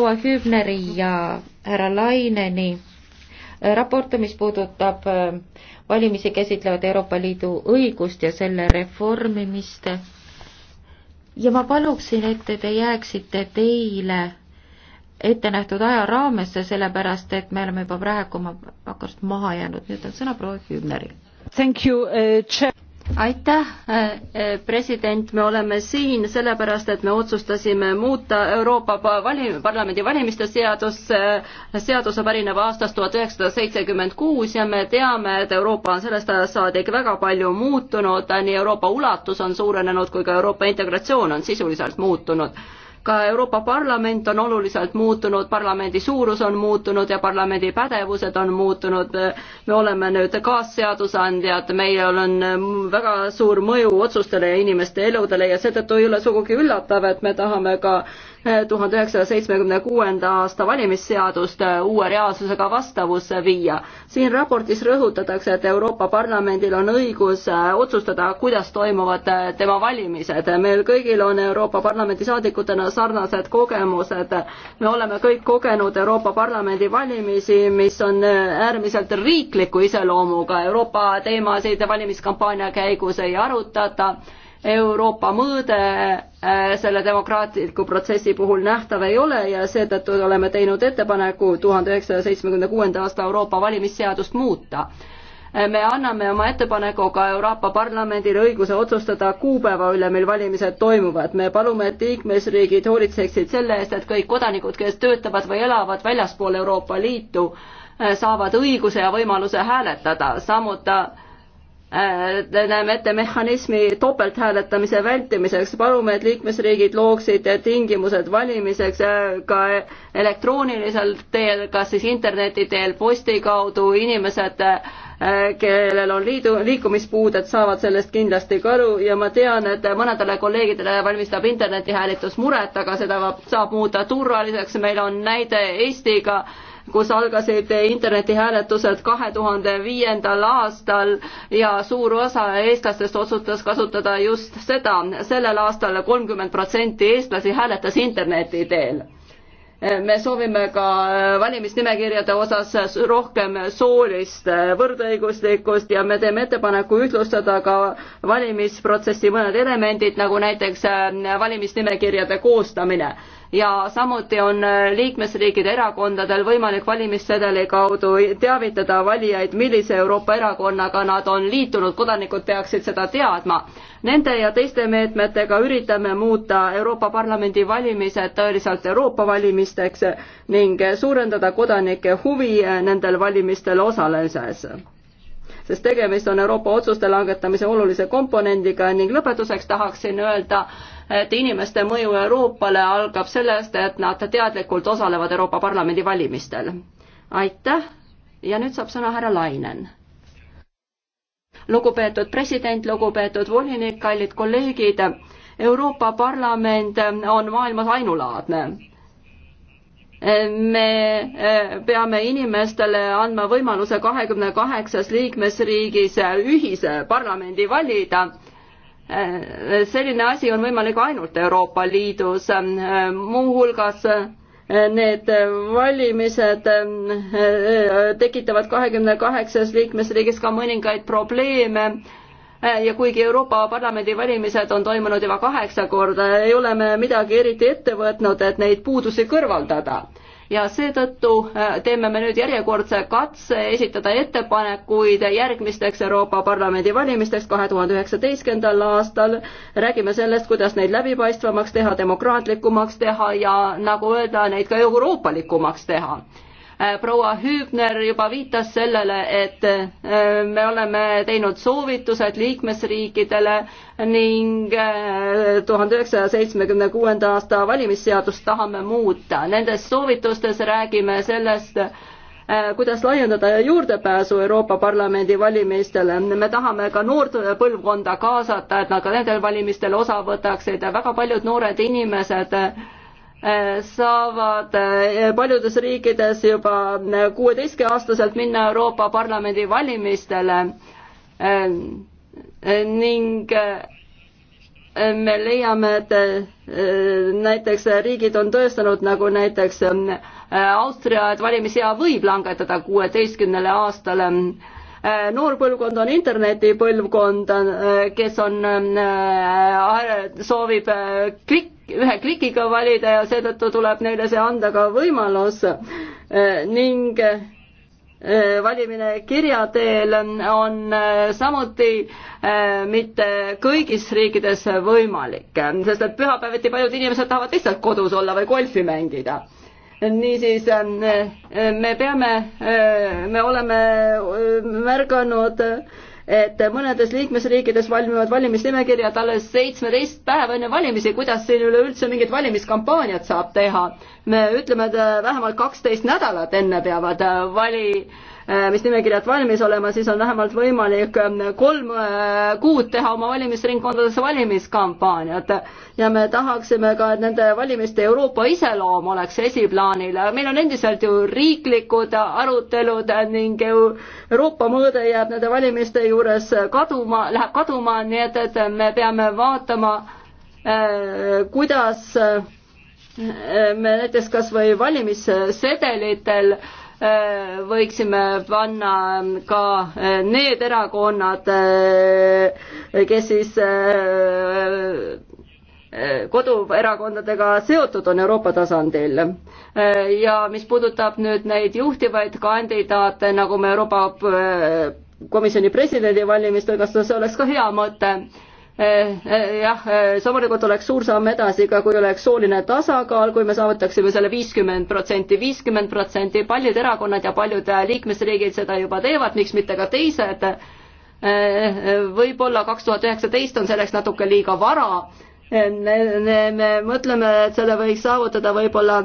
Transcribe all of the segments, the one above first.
proua Hübneri ja härra Laineni raport, mis puudutab äh, valimisi käsitlevat Euroopa Liidu õigust ja selle reformimist. ja ma paluksin, et te jääksite teile ettenähtud aja raamesse, sellepärast et me oleme juba praegu oma pakkumist maha jäänud, nüüd on sõna proua Hübneril. Thank you uh,, chair aitäh, äh, äh, president, me oleme siin sellepärast, et me otsustasime muuta Euroopa vali-, Parlamendi valimiste seadus, äh, seaduse pärineb aastast tuhat üheksasada seitsekümmend kuus ja me teame, et Euroopa on sellest ajast saadik väga palju muutunud, nii Euroopa ulatus on suurenenud kui ka Euroopa integratsioon on sisuliselt muutunud ka Euroopa Parlament on oluliselt muutunud, parlamendi suurus on muutunud ja parlamendi pädevused on muutunud. me oleme nüüd kaasseadusandjad, meil on väga suur mõju otsustele ja inimeste eludele ja seetõttu ei ole sugugi üllatav, et me tahame ka äh, tuhande üheksasaja seitsmekümne kuuenda aasta valimisseadust äh, uue reaalsusega vastavusse viia. siin raportis rõhutatakse, et Euroopa Parlamendil on õigus äh, otsustada, kuidas toimuvad äh, tema valimised. meil kõigil on Euroopa Parlamendi saadikutena sarnased kogemused. me oleme kõik kogenud Euroopa Parlamendi valimisi, mis on äärmiselt riikliku iseloomuga. Euroopa teemasid valimiskampaania käigus ei arutata Euroopa mõõde äh, selle demokraatliku protsessi puhul nähtav ei ole ja seetõttu oleme teinud ettepaneku tuhande üheksasaja seitsmekümne kuuenda aasta Euroopa valimisseadust muuta. Äh, me anname oma ettepanekuga Euroopa Parlamendile õiguse otsustada kuupäeva üle, mil valimised toimuvad. me palume, et liikmesriigid hoolitseksid selle eest, et kõik kodanikud, kes töötavad või elavad väljaspool Euroopa Liitu, äh, saavad õiguse ja võimaluse hääletada. samuti Äh, näeme ette mehhanismi topelthääletamise vältimiseks, palume, et liikmesriigid looksid tingimused valimiseks äh, ka elektroonilisel teel, kas siis interneti teel, posti kaudu, inimesed, äh, kellel on liidu, liikumispuuded, saavad sellest kindlasti ka aru ja ma tean, et mõnedele kolleegidele valmistab internetihääletus muret, aga seda saab muuta turvaliseks, meil on näide Eestiga kus algasid internetihääletused kahe tuhande viiendal aastal ja suur osa eestlastest otsustas kasutada just seda. sellel aastal kolmkümmend protsenti eestlasi hääletas interneti teel me soovime ka valimisnimekirjade osas rohkem soolist võrdõiguslikkust ja me teeme ettepaneku ühtlustada ka valimisprotsessi mõned elemendid, nagu näiteks valimisnimekirjade koostamine ja samuti on äh, liikmesriikide erakondadel võimalik valimissedeli kaudu teavitada valijaid, millise Euroopa erakonnaga nad on liitunud, kodanikud peaksid seda teadma. Nende ja teiste meetmetega üritame muuta Euroopa Parlamendi valimised tõeliselt Euroopa valimisteks ning suurendada kodanike huvi äh, nendel valimistel osalemises sest tegemist on Euroopa otsuste langetamise olulise komponendiga ning lõpetuseks tahaksin öelda, et inimeste mõju Euroopale algab sellest, et nad teadlikult osalevad Euroopa Parlamendi valimistel. aitäh ja nüüd saab sõna härra Lainen. lugupeetud president, lugupeetud volinik, kallid kolleegid, Euroopa Parlament on maailmas ainulaadne me eh, peame inimestele andma võimaluse kahekümne kaheksas liikmesriigis ühise parlamendi valida Äh, selline asi on võimalik ainult Euroopa Liidus, äh, muuhulgas äh, need valimised tekitavad kahekümne kaheksas liikmesriigis ka mõningaid probleeme ja kuigi Euroopa Parlamendi valimised on toimunud juba kaheksa korda, ei ole me midagi eriti ette võtnud, et neid puudusi kõrvaldada ja seetõttu äh, teeme me nüüd järjekordse katse esitada ettepanekuid järgmisteks Euroopa Parlamendi valimisteks kahe tuhande üheksateistkümnendal aastal. räägime sellest, kuidas neid läbipaistvamaks teha, demokraatlikumaks teha ja nagu öelda, neid ka euroopalikumaks teha Äh, proua Hübner juba viitas sellele, et äh, me oleme teinud soovitused liikmesriikidele ning äh, tuhande üheksasaja seitsmekümne kuuenda aasta valimisseadust tahame muuta. Nendes soovitustes räägime sellest, kuidas laiendada juurdepääsu Euroopa Parlamendi valimistele. me tahame ka noort põlvkonda kaasata, et nad ka nendel valimistel osa võtaksid. väga paljud noored inimesed äh, saavad eh, paljudes riikides juba eh, kuueteistkümneaastaselt minna Euroopa Parlamendi valimistele eh, ning me leiame, et näiteks riigid on tõestanud, nagu näiteks Austria, et valimisea võib langetada kuueteistkümnele aastale. noor põlvkond on internetipõlvkond, kes on, soovib klikk ühe klikiga valida ja seetõttu tuleb neile see anda ka võimalus ning e, valimine kirja teel on e, samuti e, mitte kõigis riikides võimalik, sest et pühapäeviti paljud inimesed tahavad lihtsalt kodus olla või golfi mängida. niisiis me peame, me oleme märganud et mõnedes liikmesriikides valmivad valimisnimekirjad alles seitsmeteist päeva enne valimisi, kuidas siin üleüldse mingit valimiskampaaniat saab teha? me ütleme, et vähemalt kaksteist nädalat enne peavad vali Äh, mis nimekirjad valmis olema, siis on vähemalt võimalik äh, kolm äh, kuud teha oma valimisringkondades valimiskampaaniat. ja me tahaksime ka, et nende valimiste Euroopa iseloom oleks esiplaanil. meil on endiselt ju riiklikud arutelud ning Euroopa mõõde jääb nende valimiste juures kaduma, läheb kaduma, nii et, et me peame vaatama, kuidas me näiteks kas või valimissedelitel äh, Äh, võiksime panna ähm, ka äh, need erakonnad, äh, kes siis koduerakondadega seotud on Euroopa tasandil. ja mis puudutab nüüd neid juhtivaid kandidaate, nagu me Euroopa Komisjoni presidendi valimistega, see oleks ka hea mõte Eh, eh, jah, loomulikult eh, oleks suur samm edasi ka, kui oleks sooline tasakaal, kui me saavutaksime selle viiskümmend protsenti, viiskümmend protsenti, paljud erakonnad ja paljud liikmesriigid seda juba teevad, miks mitte ka teised. võib-olla kaks tuhat üheksateist on selleks natuke liiga vara me, me, me mõtleme, et selle võiks saavutada võib-olla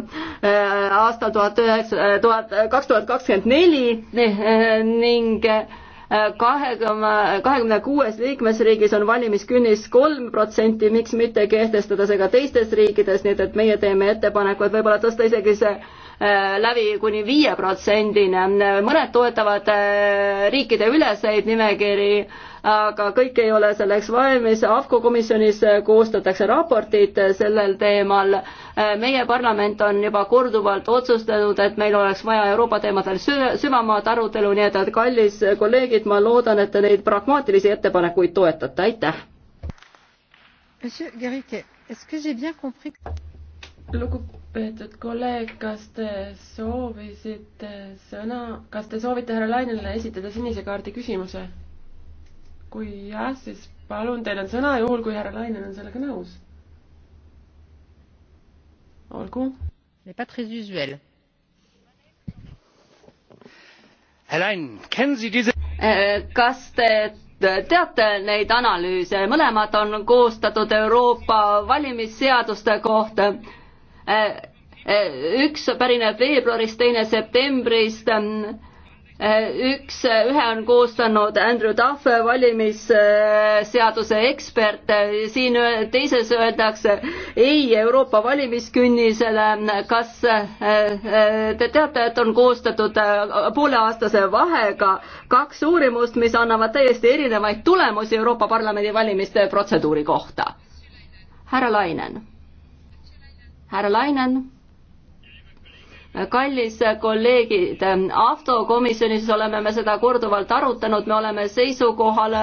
aastal tuhat üheksa, tuhat, kaks tuhat kakskümmend neli ning kahekümne, kahekümne kuues liikmesriigis on valimiskünnis kolm protsenti, miks mitte kehtestada see ka teistes riikides, nii et, et meie teeme ettepaneku, et võib-olla tõsta isegi see äh, läbi kuni viie protsendini. mõned toetavad äh, riikide üleseid nimekiri aga kõik ei ole selleks valmis, AFCO komisjonis koostatakse raportid sellel teemal. meie parlament on juba korduvalt otsustanud, et meil oleks vaja Euroopa teemadel sügavamat arutelu, nii et, et kallis kolleegid, ma loodan, et te neid pragmaatilisi ettepanekuid toetate, aitäh. Monsieur Garrigue, est-ce que j'ai bien compris? lugupeetud kolleeg, kas te soovisite sõna, kas te soovite härra Lainele esitada sinise kaardi küsimuse? kui jah, siis palun, teil on sõna, juhul kui härra Lainen on sellega nõus. olgu. Äh, kas te teate neid analüüse, mõlemad on koostatud Euroopa valimisseaduste kohta äh, äh, üks pärineb veebruarist, teine septembrist üks, ühe on koostanud Andrew Duff, valimisseaduse ekspert, siin teises öeldakse ei Euroopa valimiskünnisele. kas te teate, et on koostatud pooleaastase vahega kaks uurimust, mis annavad täiesti erinevaid tulemusi Euroopa Parlamendi valimiste protseduuri kohta? härra Lainen. härra Lainen kallis kolleegid, AFTO komisjonis oleme me seda korduvalt arutanud, me oleme seisukohal,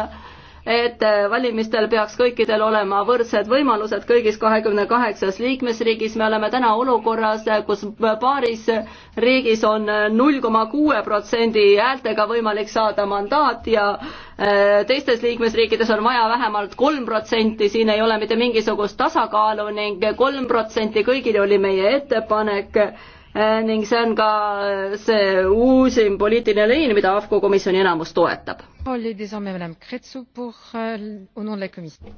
et valimistel peaks kõikidel olema võrdsed võimalused kõigis kahekümne kaheksas liikmesriigis, me oleme täna olukorras, kus paaris riigis on null koma kuue protsendi häältega võimalik saada mandaat ja eh, teistes liikmesriikides on vaja vähemalt kolm protsenti, siin ei ole mitte mingisugust tasakaalu ning kolm protsenti kõigil oli meie ettepanek Äh, ning see on ka äh, see uusim poliitiline liin, mida AFCO komisjoni enamus toetab. Äh,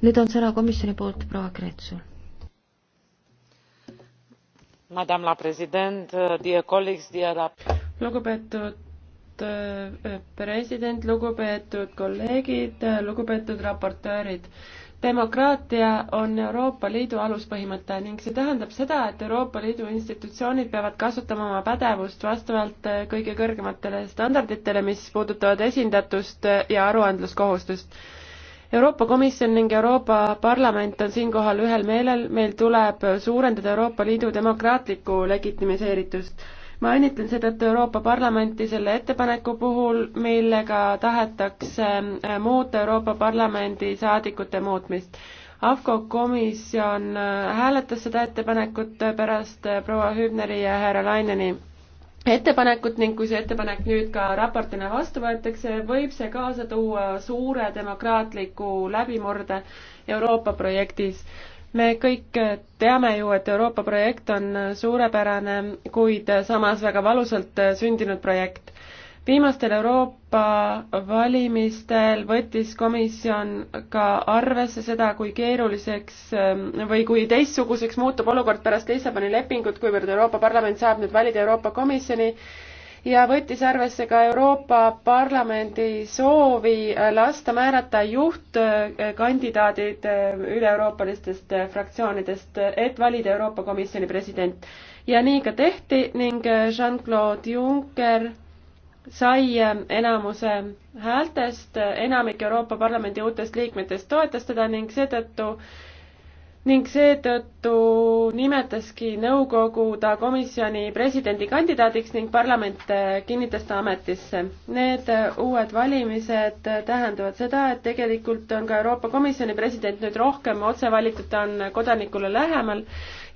nüüd on sõna komisjoni poolt proua Kretsu. Euh, lugupeetud president, lugupeetud kolleegid, lugupeetud raportöörid demokraatia on Euroopa Liidu aluspõhimõte ning see tähendab seda, et Euroopa Liidu institutsioonid peavad kasutama oma pädevust vastavalt äh, kõige kõrgematele standarditele, mis puudutavad esindatust äh, ja aruandluskohustust. Euroopa Komisjon ning Euroopa Parlament on siinkohal ühel meelel, meil tuleb suurendada Euroopa Liidu demokraatlikku legitimiseeritust ma õnnitlen seetõttu Euroopa Parlamenti selle ettepaneku puhul, millega tahetakse äh, muuta Euroopa Parlamendi saadikute muutmist. AFCO komisjon äh, hääletas seda ettepanekut äh, pärast proua Hübneri ja härra Laineni ettepanekut ning kui see ettepanek nüüd ka raportina vastu võetakse, võib see kaasa tuua suure demokraatliku läbimurde Euroopa projektis me kõik teame ju, et Euroopa projekt on suurepärane, kuid samas väga valusalt sündinud projekt. viimastel Euroopa valimistel võttis komisjon ka arvesse seda, kui keeruliseks ähm, või kui teistsuguseks muutub olukord pärast Lissaboni lepingut, kuivõrd Euroopa Parlament saab nüüd valida Euroopa Komisjoni ja võttis arvesse ka Euroopa Parlamendi soovi lasta määrata juhtkandidaadid üle-euroopalistest fraktsioonidest, et valida Euroopa Komisjoni president. ja nii ka tehti ning Jean-Claude Juncker sai enamuse häältest, enamik Euroopa Parlamendi uutest liikmetest toetas teda ning seetõttu ning seetõttu nimetaski nõukogu ta komisjoni presidendikandidaadiks ning parlament äh, kinnitas ta ametisse. Need äh, uued valimised tähendavad seda, et tegelikult on ka Euroopa Komisjoni president nüüd rohkem otse valitud, ta on kodanikule lähemal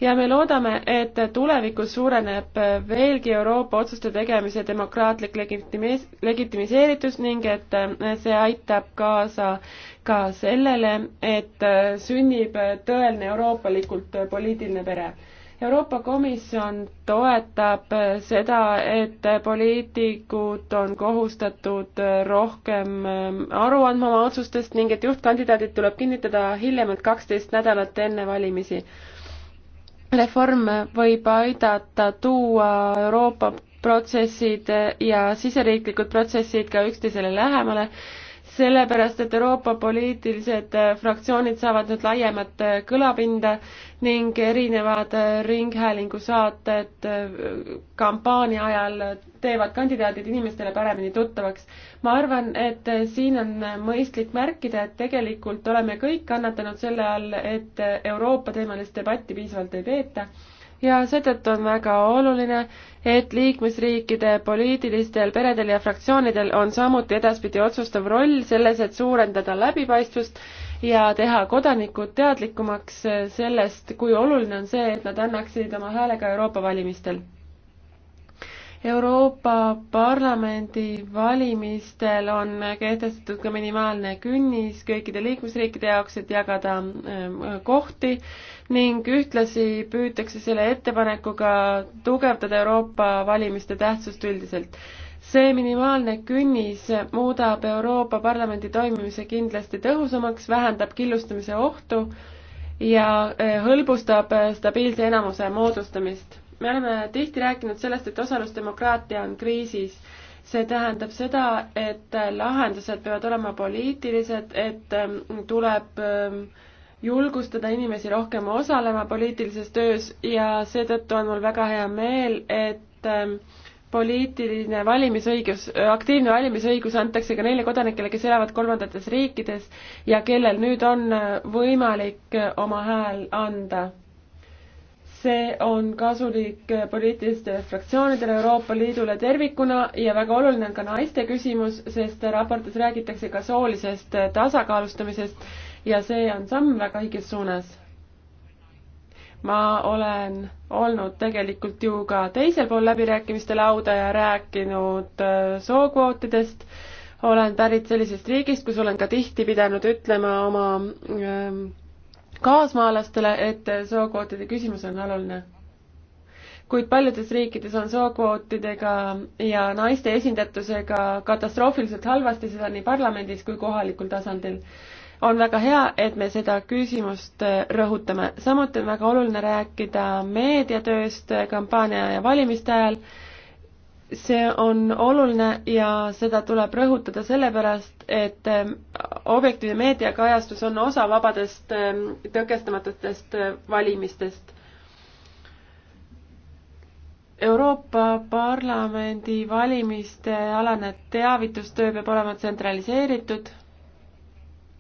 ja me loodame, et tulevikus suureneb veelgi Euroopa otsuste tegemise demokraatlik legitimis-, legitimiseeritus ning et see aitab kaasa ka sellele, et sünnib tõeline euroopalikult poliitiline pere Euroopa Komisjon toetab seda, et poliitikud on kohustatud rohkem ähm, aru andma oma otsustest ning et juhtkandidaadid tuleb kinnitada hiljemalt kaksteist nädalat enne valimisi reform võib aidata tuua Euroopa protsessid ja siseriiklikud protsessid ka üksteisele lähemale sellepärast, et Euroopa poliitilised äh, fraktsioonid saavad nüüd laiemat äh, kõlapinda ning erinevad äh, ringhäälingu saated kampaania ajal teevad kandidaadid inimestele paremini tuttavaks. ma arvan, et siin on mõistlik märkida, et tegelikult oleme kõik kannatanud selle all, et Euroopa teemalist debatti piisavalt ei peeta ja seetõttu on väga oluline, et liikmesriikide poliitilistel peredel ja fraktsioonidel on samuti edaspidi otsustav roll selles, et suurendada läbipaistvust ja teha kodanikud teadlikumaks sellest, kui oluline on see, et nad annaksid oma hääle ka Euroopa valimistel. Euroopa Parlamendi valimistel on kehtestatud ka minimaalne künnis kõikide liikmesriikide jaoks, et jagada ähm, kohti ning ühtlasi püütakse selle ettepanekuga tugevdada Euroopa valimiste tähtsust üldiselt. see minimaalne künnis muudab Euroopa Parlamendi toimimise kindlasti tõhusamaks, vähendab killustamise ohtu ja eh, hõlbustab eh, stabiilse enamuse moodustamist. me oleme tihti rääkinud sellest, et osalusdemokraatia on kriisis see tähendab seda, et lahendused peavad olema poliitilised, et eh, tuleb äh, julgustada inimesi rohkem osalema poliitilises töös ja seetõttu on mul väga hea meel, et ähm, poliitiline valimisõigus, aktiivne valimisõigus antakse ka neile kodanikele, kes elavad kolmandates riikides ja kellel nüüd on äh, võimalik äh, oma hääl anda. see on kasulik äh, poliitilistele fraktsioonidele, Euroopa Liidule tervikuna ja väga oluline on ka naiste küsimus, sest raportis räägitakse ka soolisest tasakaalustamisest ja see on samm väga õiges suunas. ma olen olnud tegelikult ju ka teisel pool läbirääkimiste lauda ja rääkinud äh, sookvootidest, olen pärit sellisest riigist, kus olen ka tihti pidanud ütlema oma ähm, kaasmaalastele, et sookvootide küsimus on oluline kuid paljudes riikides on sookvootidega ja naiste esindatusega katastroofiliselt halvasti, seda nii parlamendis kui kohalikul tasandil on väga hea, et me seda küsimust äh, rõhutame. samuti on väga oluline rääkida meediatööst äh, kampaania ja valimiste ajal. see on oluline ja seda tuleb rõhutada sellepärast, et ähm, objektiivne meediakajastus on osa vabadest ähm, tõkestamatutest äh, valimistest. Euroopa Parlamendi valimiste alane teavitustöö peab olema tsentraliseeritud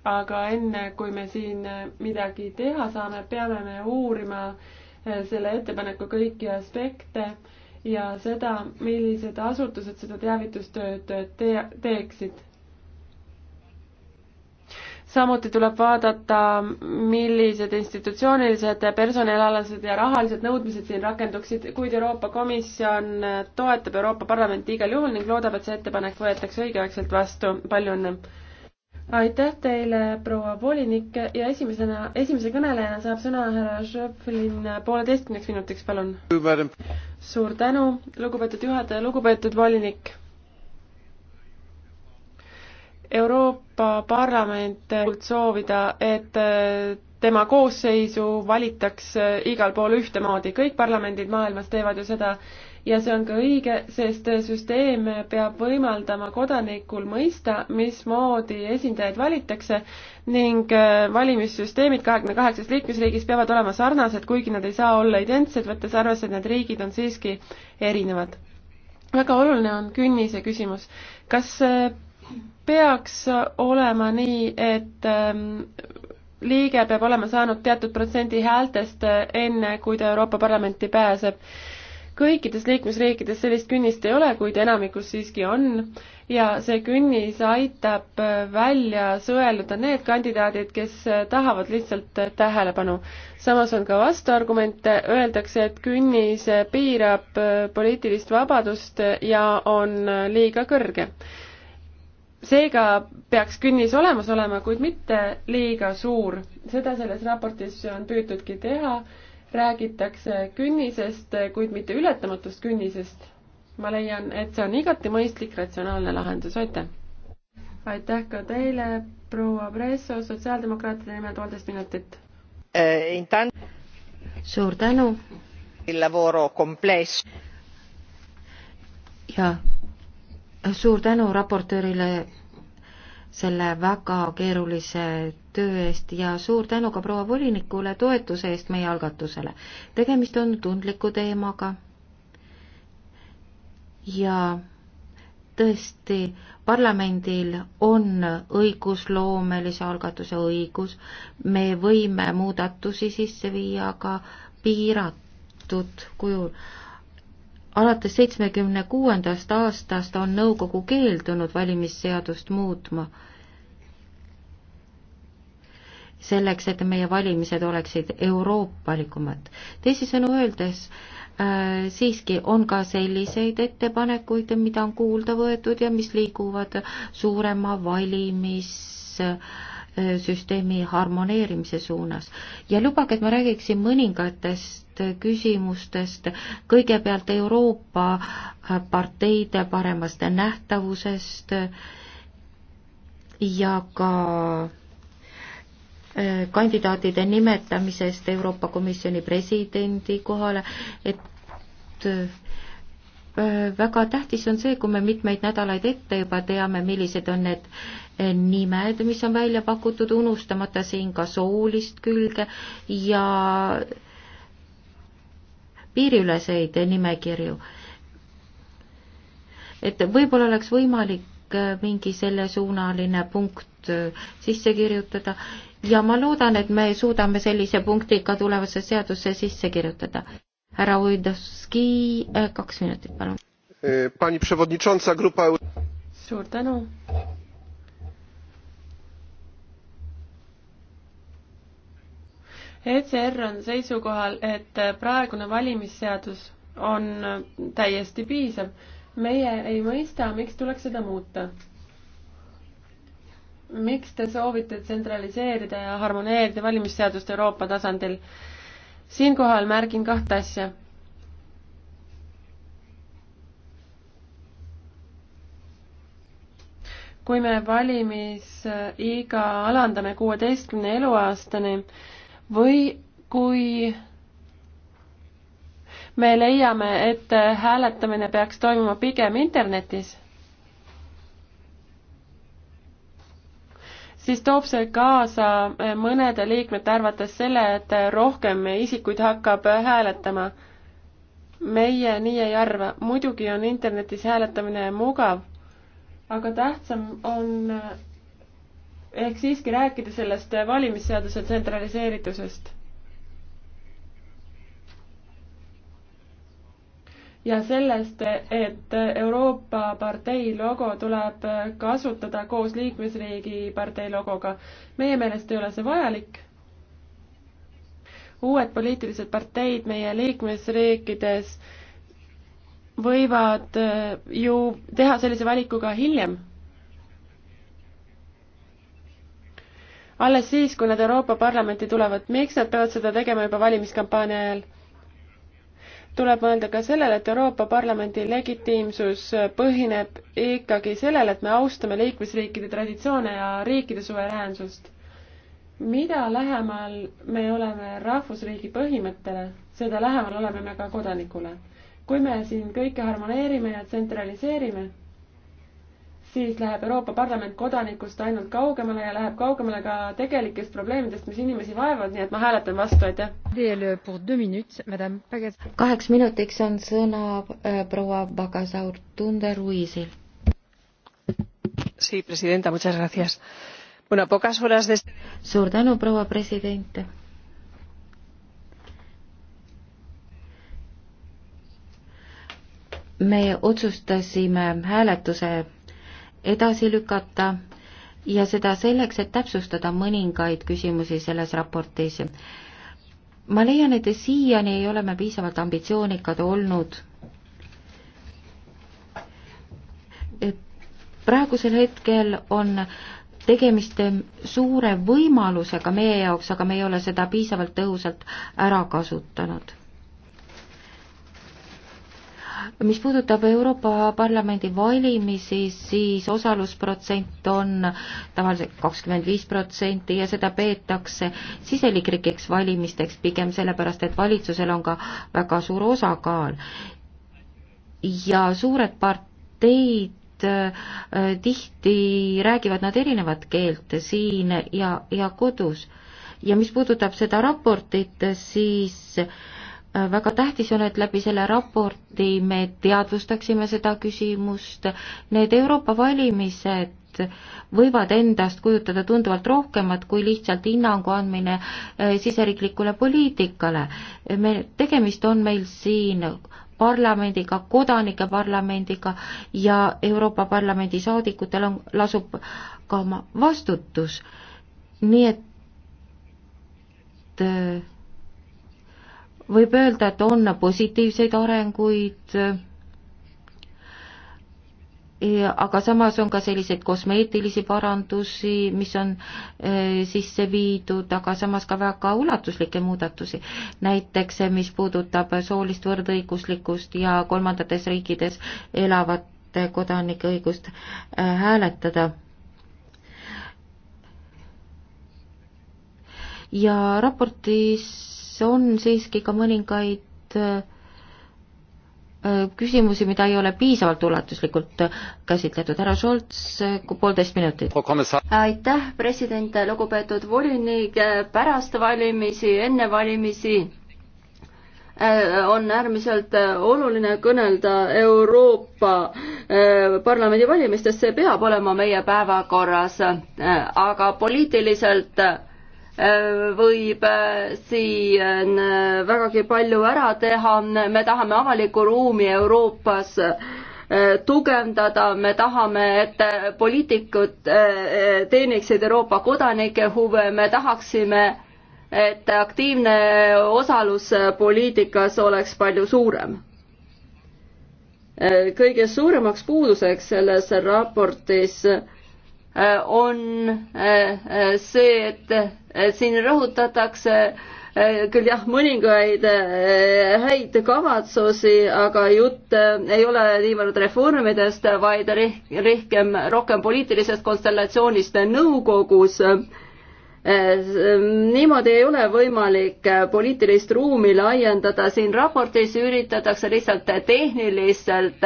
aga enne, kui me siin midagi teha saame, peame me uurima eh, selle ettepaneku kõiki aspekte ja seda, millised asutused seda teavitustööd eh, te teeksid samuti tuleb vaadata, millised institutsioonilised, personalialased ja rahalised nõudmised siin rakenduksid, kuid Euroopa Komisjon eh, toetab Euroopa Parlamenti igal juhul ning loodab, et see ettepanek võetakse õigeaegselt vastu. palju õnne! aitäh teile, proua volinik ja esimesena, esimese kõnelejana saab sõna härra Šõplin pooleteistkümneks minutiks, palun. suur tänu, lugupeetud juhataja, lugupeetud volinik. Euroopa Parlament soovida, et tema koosseisu valitaks igal pool ühtemoodi, kõik parlamendid maailmas teevad ju seda ja see on ka õige, sest süsteem peab võimaldama kodanikul mõista, mismoodi esindajaid valitakse ning äh, valimissüsteemid kahekümne kaheksas liikmesriigis peavad olema sarnased, kuigi nad ei saa olla identsed, võttes arvesse, et need riigid on siiski erinevad. väga oluline on künnise küsimus. kas äh, peaks olema nii, et ähm, liige peab olema saanud teatud protsendi häältest, äh, enne kui ta Euroopa Parlamenti pääseb? kõikides liikmesriikides sellist künnist ei ole, kuid enamikus siiski on ja see künnis aitab välja sõeluda need kandidaadid, kes tahavad lihtsalt tähelepanu. samas on ka vastuargumente, öeldakse, et künnis piirab poliitilist vabadust ja on liiga kõrge seega peaks künnis olemas olema, kuid mitte liiga suur. seda selles raportis on püütudki teha räägitakse künnisest, kuid mitte ületamatust künnisest. ma leian, et see on igati mõistlik ratsionaalne lahendus, aitäh! aitäh ka teile, proua Presso, sotsiaaldemokraatide nimel poolteist minutit. Eh, suur tänu! ja suur tänu raportöörile selle väga keerulise töö eest ja suur tänu ka proua volinikule toetuse eest meie algatusele. tegemist on tundliku teemaga ja tõesti, parlamendil on õigusloomelise algatuse õigus, me võime muudatusi sisse viia, aga piiratud kujul alates seitsmekümne kuuendast aastast on nõukogu keeldunud valimisseadust muutma selleks, et meie valimised oleksid euroopalikumad. teisisõnu öeldes äh,, siiski on ka selliseid ettepanekuid, mida on kuulda võetud ja mis liiguvad suurema valimis äh, süsteemi harmoneerimise suunas. ja lubage, et ma räägiksin mõningatest küsimustest, kõigepealt Euroopa parteide paremast nähtavusest ja ka äh, kandidaatide nimetamisest Euroopa Komisjoni presidendi kohale, et äh, Äh, väga tähtis on see, kui me mitmeid nädalaid ette juba teame, millised on need äh, nimed, mis on välja pakutud, unustamata siin ka soolist külge ja piiriüleseid nimekirju. et võib-olla oleks võimalik äh, mingi sellesuunaline punkt sisse kirjutada ja ma loodan, et me suudame sellise punkti ka tulevasse seadusse sisse kirjutada härra Uidovski, äh, kaks minutit, palun. E, pani Przewodnicząca, grupa suur tänu. ECR on seisukohal, et praegune valimisseadus on täiesti piisav. meie ei mõista, miks tuleks seda muuta. miks te soovite tsentraliseerida ja harmoneerida valimisseadust Euroopa tasandil? siinkohal märgin kahte asja. kui me valimisiga äh, alandame kuueteistkümne eluaastani või kui me leiame, et äh, hääletamine peaks toimuma pigem internetis siis toob see kaasa eh, mõnede liikmete arvates selle, et eh, rohkem isikuid hakkab eh, hääletama. meie nii ei arva, muidugi on internetis hääletamine mugav, aga tähtsam on ehk siiski rääkida sellest valimisseaduse tsentraliseeritusest ja sellest, et Euroopa partei logo tuleb kasutada koos liikmesriigi partei logoga. meie meelest ei ole see vajalik. uued poliitilised parteid meie liikmesriikides võivad eh, ju teha sellise valiku ka hiljem alles siis, kui nad Euroopa Parlamenti tulevad, miks nad peavad seda tegema juba valimiskampaania ajal? tuleb mõelda ka sellele, et Euroopa Parlamendi legitiimsus põhineb ikkagi sellele, et me austame liikmesriikide traditsioone ja riikide suveräänsust. mida lähemal me oleme rahvusriigi põhimõttele, seda lähemal oleme me ka kodanikule. kui me siin kõike harmoneerime ja tsentraliseerime, siis läheb Euroopa Parlament kodanikust ainult kaugemale ja läheb kaugemale ka tegelikest probleemidest, mis inimesi vaevavad, nii et ma hääletan vastu, aitäh. kaheks minutiks on sõna äh, proua Bagasaur Tunde-Ruisil. Sí, presidenta, muchas gracias. Bueno, a pocas horas de... Suur tänu, proua president. me otsustasime hääletuse edasi lükata ja seda selleks, et täpsustada mõningaid küsimusi selles raportis. ma leian, et siiani ei ole me piisavalt ambitsioonikad olnud. praegusel hetkel on tegemist suure võimalusega meie jaoks, aga me ei ole seda piisavalt tõhusalt ära kasutanud mis puudutab Euroopa Parlamendi valimisi, siis osalusprotsent on tavaliselt kakskümmend viis protsenti ja seda peetakse siseriiklikeks valimisteks pigem sellepärast, et valitsusel on ka väga suur osakaal. ja suured parteid äh, tihti räägivad nad erinevat keelt siin ja, ja kodus. ja mis puudutab seda raportit, siis äh, Äh, väga tähtis on, et läbi selle raporti me teadvustaksime seda küsimust, need Euroopa valimised võivad endast kujutada tunduvalt rohkemat kui lihtsalt hinnangu andmine äh, siseriiklikule poliitikale. me, tegemist on meil siin parlamendiga, kodanike parlamendiga ja Euroopa Parlamendi saadikutel on, lasub ka oma vastutus. nii et äh, võib öelda, et on positiivseid arenguid, aga samas on ka selliseid kosmeetilisi parandusi, mis on eh, sisse viidud, aga samas ka väga ulatuslikke muudatusi. näiteks, eh, mis puudutab soolist võrdõiguslikkust ja kolmandates riikides elavate kodanike õigust eh, hääletada ja raportis on siiski ka mõningaid äh, küsimusi, mida ei ole piisavalt ulatuslikult käsitletud. härra Scholz, poolteist minutit. aitäh, president, lugupeetud volinik, pärast valimisi, enne valimisi äh, on äärmiselt oluline kõnelda Euroopa äh, Parlamendi valimistest, see peab olema meie päevakorras, aga poliitiliselt võib äh, siin äh, vägagi palju ära teha, me tahame avalikku ruumi Euroopas äh, tugevdada, me tahame, et poliitikud teeniksid Euroopa kodanike huve, me tahaksime, et aktiivne osalus poliitikas oleks palju suurem. kõige suuremaks puuduseks selles raportis on see, et Eh, siin rõhutatakse eh, küll jah, mõningaid eh, häid kavatsusi, aga jutt ei ole niivõrd reformidest, vaid rihkem, rohkem poliitilisest konstellatsioonist nõukogus. niimoodi ei ole võimalik poliitilist ruumi laiendada, siin raportis üritatakse lihtsalt tehniliselt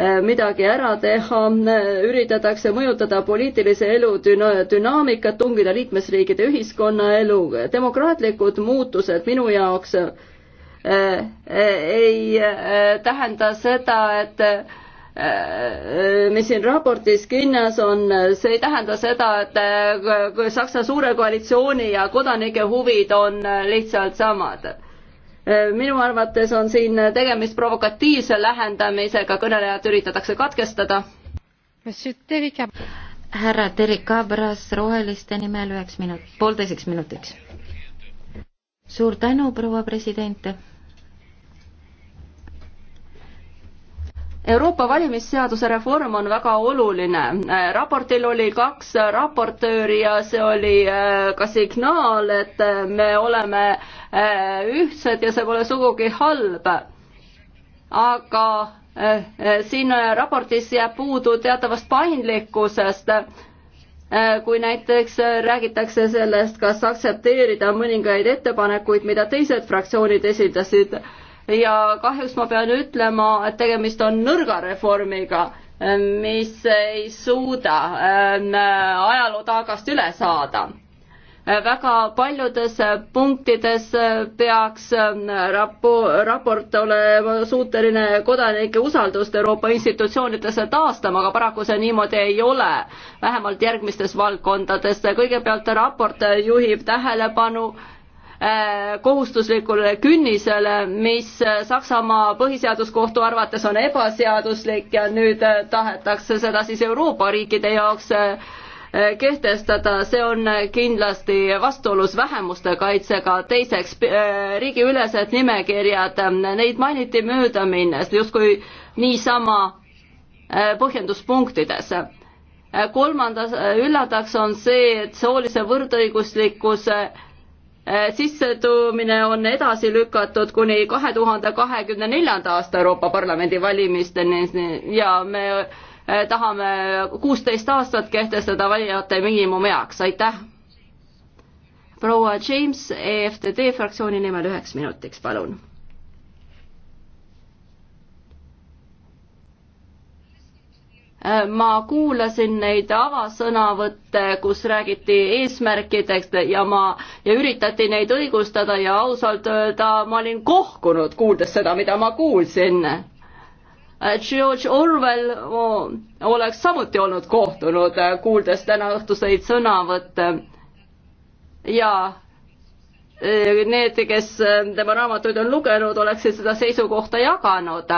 Äh, midagi ära teha, äh, üritatakse mõjutada poliitilise elu dünaamikat, tungida liikmesriikide ühiskonnaelu, demokraatlikud muutused minu jaoks äh, ei tähenda seda, et mis siin raportis kinnas on, see ei tähenda seda, et Saksa suure koalitsiooni ja kodanike huvid on lihtsalt samad Äh, minu arvates on siin tegemist provokatiivse lähendamisega, kõnelejat üritatakse katkestada. härra Terik Kabras Roheliste nimel üheks minut, poolteiseks minutiks. suur tänu, proua president Euroopa valimisseaduse reform on väga oluline. Äh, raportil oli kaks raportööri ja see oli äh, ka signaal, et äh, me oleme ühtsed ja see pole sugugi halb. aga siin raportis jääb puudu teatavast paindlikkusest kui näiteks räägitakse sellest, kas aktsepteerida mõningaid ettepanekuid, mida teised fraktsioonid esindasid ja kahjuks ma pean ütlema, et tegemist on nõrga reformiga, ehm, mis ei suuda ehm, ajaloo taagast üle saada ehm, väga paljudes eh, punktides eh, peaks rapo-, raport olema suuteline kodanike usaldust Euroopa institutsioonidesse taastama, aga paraku see niimoodi ei ole, vähemalt järgmistes valdkondades. kõigepealt raport juhib tähelepanu Äh, kohustuslikule künnisele, mis äh, Saksamaa põhiseaduskohtu arvates on ebaseaduslik ja nüüd äh, tahetakse seda siis Euroopa riikide jaoks kehtestada, see on kindlasti vastuolus vähemuste kaitsega, teiseks riigiülesed nimekirjad, neid mainiti möödaminnes justkui niisama põhjenduspunktides. kolmandas, üllataks on see, et soolise võrdõiguslikkuse Äh, sissetumine on edasi lükatud kuni kahe tuhande kahekümne neljanda aasta Euroopa Parlamendi valimisteni ja me äh, tahame kuusteist aastat kehtestada valijate miinimumeaks, aitäh. proua James EFTD fraktsiooni nimel üheks minutiks, palun ma kuulasin neid avasõnavõtte, kus räägiti eesmärkidest ja ma, ja üritati neid õigustada ja ausalt öelda ma olin kohkunud, kuuldes seda, mida ma kuulsin. George Orwell oleks samuti olnud kohtunud, kuuldes tänaõhtuseid sõnavõtte. ja e, need, kes e, tema raamatuid on lugenud, oleksid seda seisukohta jaganud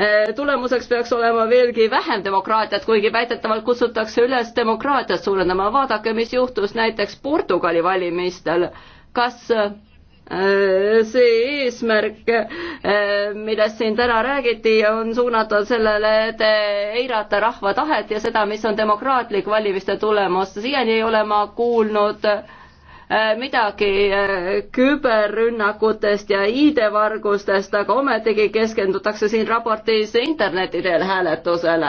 Äh, tulemuseks peaks olema veelgi vähem demokraatiat, kuigi väidetavalt kutsutakse üles demokraatiat suurendama. vaadake, mis juhtus näiteks Portugali valimistel. kas äh, see eesmärk, äh, millest siin täna räägiti, on suunatud sellele, et eirata rahva tahet ja seda, mis on demokraatlik valimiste tulemus. siiani ei ole ma kuulnud äh, Äh, midagi äh, küberrünnakutest ja ID-vargustest, aga ometigi keskendutakse siin raportis interneti teel hääletusele.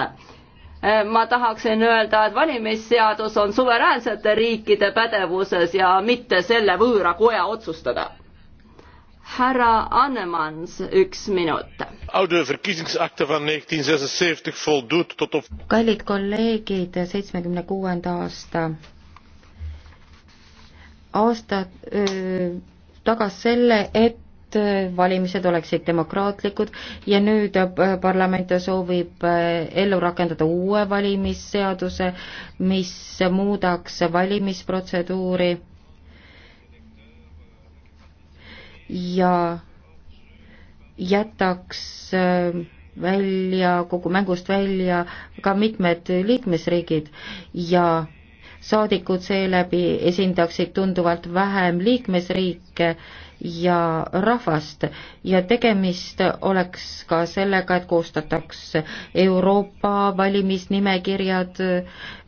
Äh, ma tahaksin öelda, et valimisseadus on suveräänsete riikide pädevuses ja mitte selle võõra koja otsustada. härra Annemans, üks minut. kallid kolleegid, seitsmekümne kuuenda aasta aastat tagas selle, et valimised oleksid demokraatlikud ja nüüd äh, parlament soovib äh, ellu rakendada uue valimisseaduse, mis muudaks valimisprotseduuri ja jätaks äh, välja, kogu mängust välja ka mitmed liikmesriigid ja saadikud seeläbi esindaksid tunduvalt vähem liikmesriike ja rahvast ja tegemist oleks ka sellega, et koostataks Euroopa valimisnimekirjad,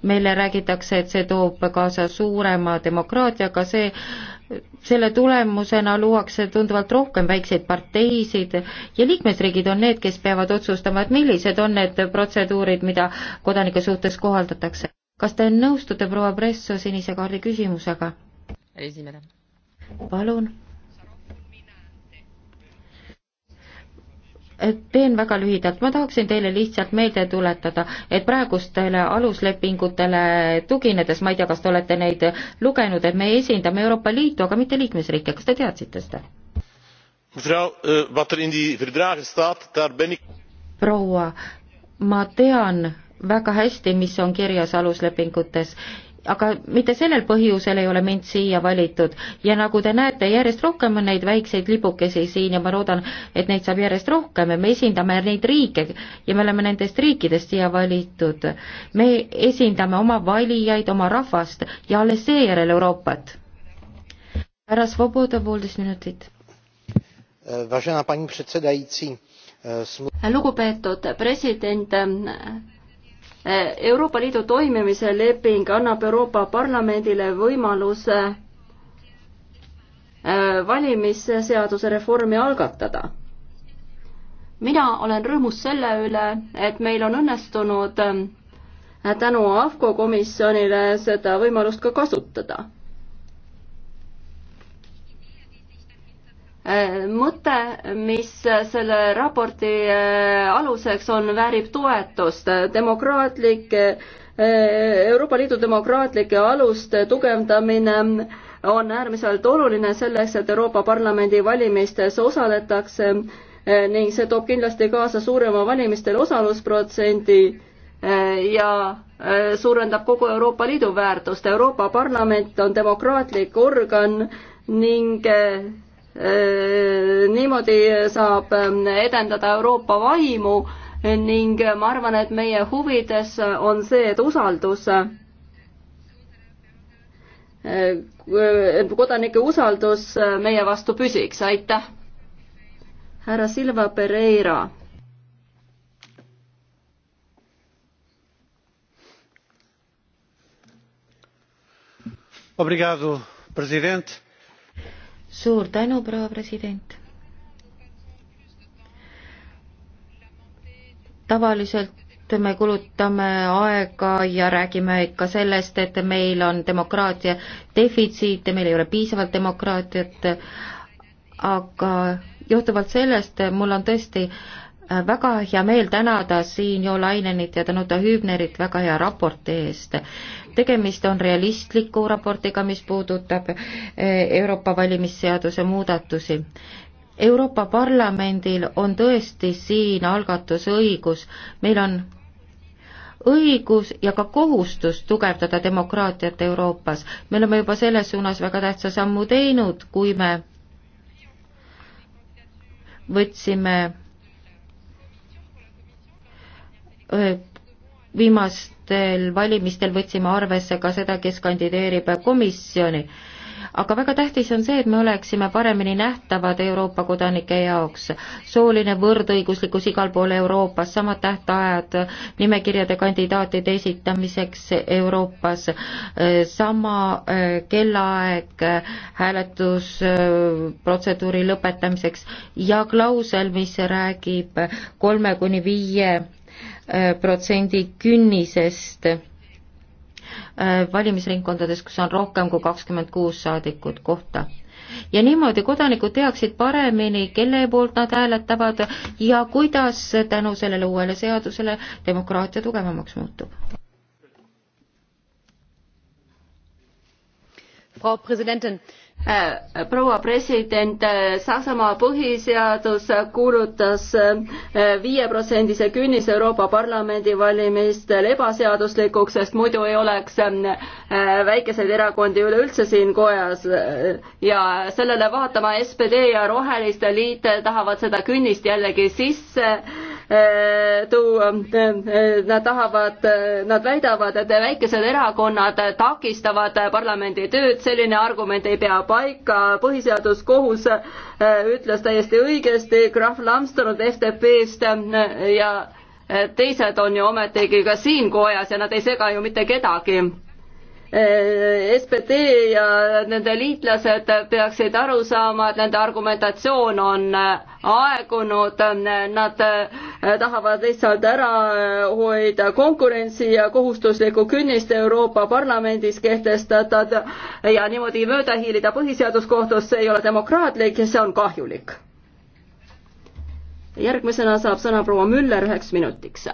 meile räägitakse, et see toob kaasa suurema demokraatiaga, see selle tulemusena luuakse tunduvalt rohkem väikseid parteisid ja liikmesriigid on need, kes peavad otsustama, et millised on need protseduurid, mida kodanike suhtes kohaldatakse kas te nõustute proua Presso sinise kaardi küsimusega? esimene. palun. teen väga lühidalt, ma tahaksin teile lihtsalt meelde tuletada, et praegustele aluslepingutele tuginedes, ma ei tea, kas te olete neid lugenud, et me esindame Euroopa Liitu, aga mitte liikmesriike, kas te teadsite seda? Eh, er proua, ma tean väga hästi, mis on kirjas aluslepingutes aga mitte sellel põhjusel ei ole mind siia valitud ja nagu te näete, järjest rohkem on neid väikseid libukesi siin ja ma loodan, et neid saab järjest rohkem ja me esindame neid riike ja me oleme nendest riikidest siia valitud. me esindame oma valijaid, oma rahvast ja alles seejärel Euroopat. härra Svoboda, poolteist minutit. Eh, lugupeetud president eh, Euroopa Liidu toimimise leping annab Euroopa Parlamendile võimaluse äh, valimisseaduse reformi algatada. mina olen rõõmus selle üle, et meil on õnnestunud äh, tänu AFCO komisjonile seda võimalust ka kasutada mõte, mis selle raporti äh, aluseks on, väärib toetust. demokraatlik, äh, Euroopa Liidu demokraatlike aluste tugevdamine on äärmiselt oluline selleks, et Euroopa Parlamendi valimistes osaletakse äh, ning see toob kindlasti kaasa suurema valimistel osalusprotsendi ja suurendab kogu Euroopa Liidu väärtust. Euroopa Parlament on demokraatlik organ ning Äh, niimoodi saab ähm, edendada Euroopa vaimu ning ma arvan, et meie huvides on see, et usaldus äh, äh, kodanike usaldus meie vastu püsiks, aitäh. härra Silva Pereira. Obrigado, president suur tänu, proua president. tavaliselt me kulutame aega ja räägime ikka sellest, et meil on demokraatia defitsiit ja meil ei ole piisavalt demokraatiat, aga johtuvalt sellest mul on tõesti äh, Äh, väga hea meel tänada siin Jo Lainenit ja Danuta Hübnerit väga hea raporti eest. tegemist on realistliku raportiga, mis puudutab äh, Euroopa valimisseaduse muudatusi. Euroopa Parlamendil on tõesti siin algatusõigus, meil on õigus ja ka kohustus tugevdada demokraatiat Euroopas. me oleme juba selles suunas väga tähtsa sammu teinud, kui me võtsime viimastel valimistel võtsime arvesse ka seda, kes kandideerib komisjoni. aga väga tähtis on see, et me oleksime paremini nähtavad Euroopa kodanike jaoks. sooline võrdõiguslikkus igal pool Euroopas, samad tähtajad nimekirjade kandidaatide esitamiseks Euroopas, sama kellaaeg hääletusprotseduuri lõpetamiseks ja klausel, mis räägib kolme kuni viie Äh, protsendi künnisest äh, valimisringkondades, kus on rohkem kui kakskümmend kuus saadikut kohta ja niimoodi kodanikud teaksid paremini, kelle poolt nad hääletavad ja kuidas tänu sellele uuele seadusele demokraatia tugevamaks muutub. Frau Präsidentin! Äh, proua president, äh, Saksamaa põhiseadus kuulutas äh, viieprotsendise künnise Euroopa Parlamendi valimistel ebaseaduslikuks, sest muidu ei oleks väikeseid erakondi üleüldse siin kojas. ja sellele vaatama SPD ja Roheliste Liit tahavad seda künnist jällegi sisse Äh, tuua, äh, äh, nad tahavad, nad väidavad, et väikesed erakonnad takistavad parlamendi tööd, selline argument ei pea paika, põhiseaduskohus ütles täiesti õigesti, Graf Lambsdorff FDP-st ja teised on ju ometigi ka siin kojas ja nad ei sega ju mitte kedagi Eh, SBT ja nende liitlased peaksid aru saama, et nende argumentatsioon on eh, aegunud, nad eh, tahavad lihtsalt ära hoida konkurentsi ja kohustuslikku künnist Euroopa Parlamendis kehtestada ja niimoodi mööda hiilida põhiseaduskohtust, see ei ole demokraatlik ja see on kahjulik. järgmisena saab sõna proua Müller üheks minutiks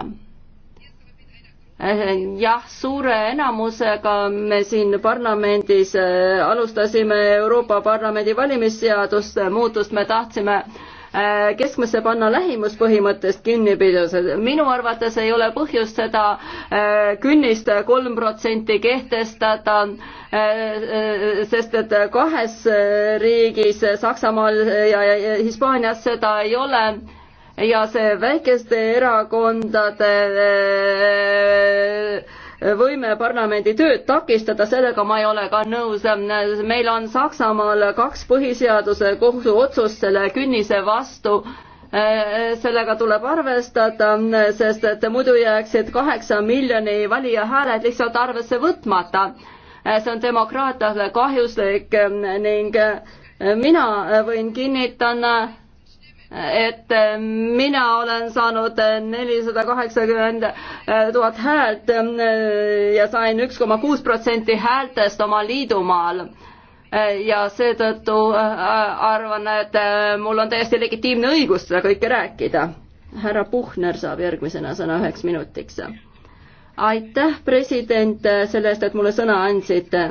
jah, suure enamusega me siin parlamendis äh, alustasime Euroopa Parlamendi valimisseaduste muutust, me tahtsime äh, keskmesse panna lähimuspõhimõttest kinnipidused. minu arvates ei ole põhjust seda äh, künnist kolm protsenti kehtestada, sest et kahes riigis, Saksamaal ja Hispaanias seda ei ole ja see väikeste erakondade eh, võime parlamendi tööd takistada, sellega ma ei ole ka nõus. meil on Saksamaal kaks põhiseaduse kohtu otsust selle künnise vastu eh, sellega tuleb arvestada, sest et muidu jääksid kaheksa miljoni valija hääled lihtsalt arvesse võtmata. Eh, see on demokraatiale kahjuslik ning mina võin kinnitada, et äh, mina olen saanud nelisada kaheksakümmend äh, tuhat häält äh, ja sain üks koma kuus protsenti häältest oma liidumaal ja seetõttu arvan, et mul on täiesti legitiimne õigus seda kõike rääkida. härra Puhner saab järgmisena sõna üheks minutiks. aitäh, president, selle eest, et mulle sõna andsite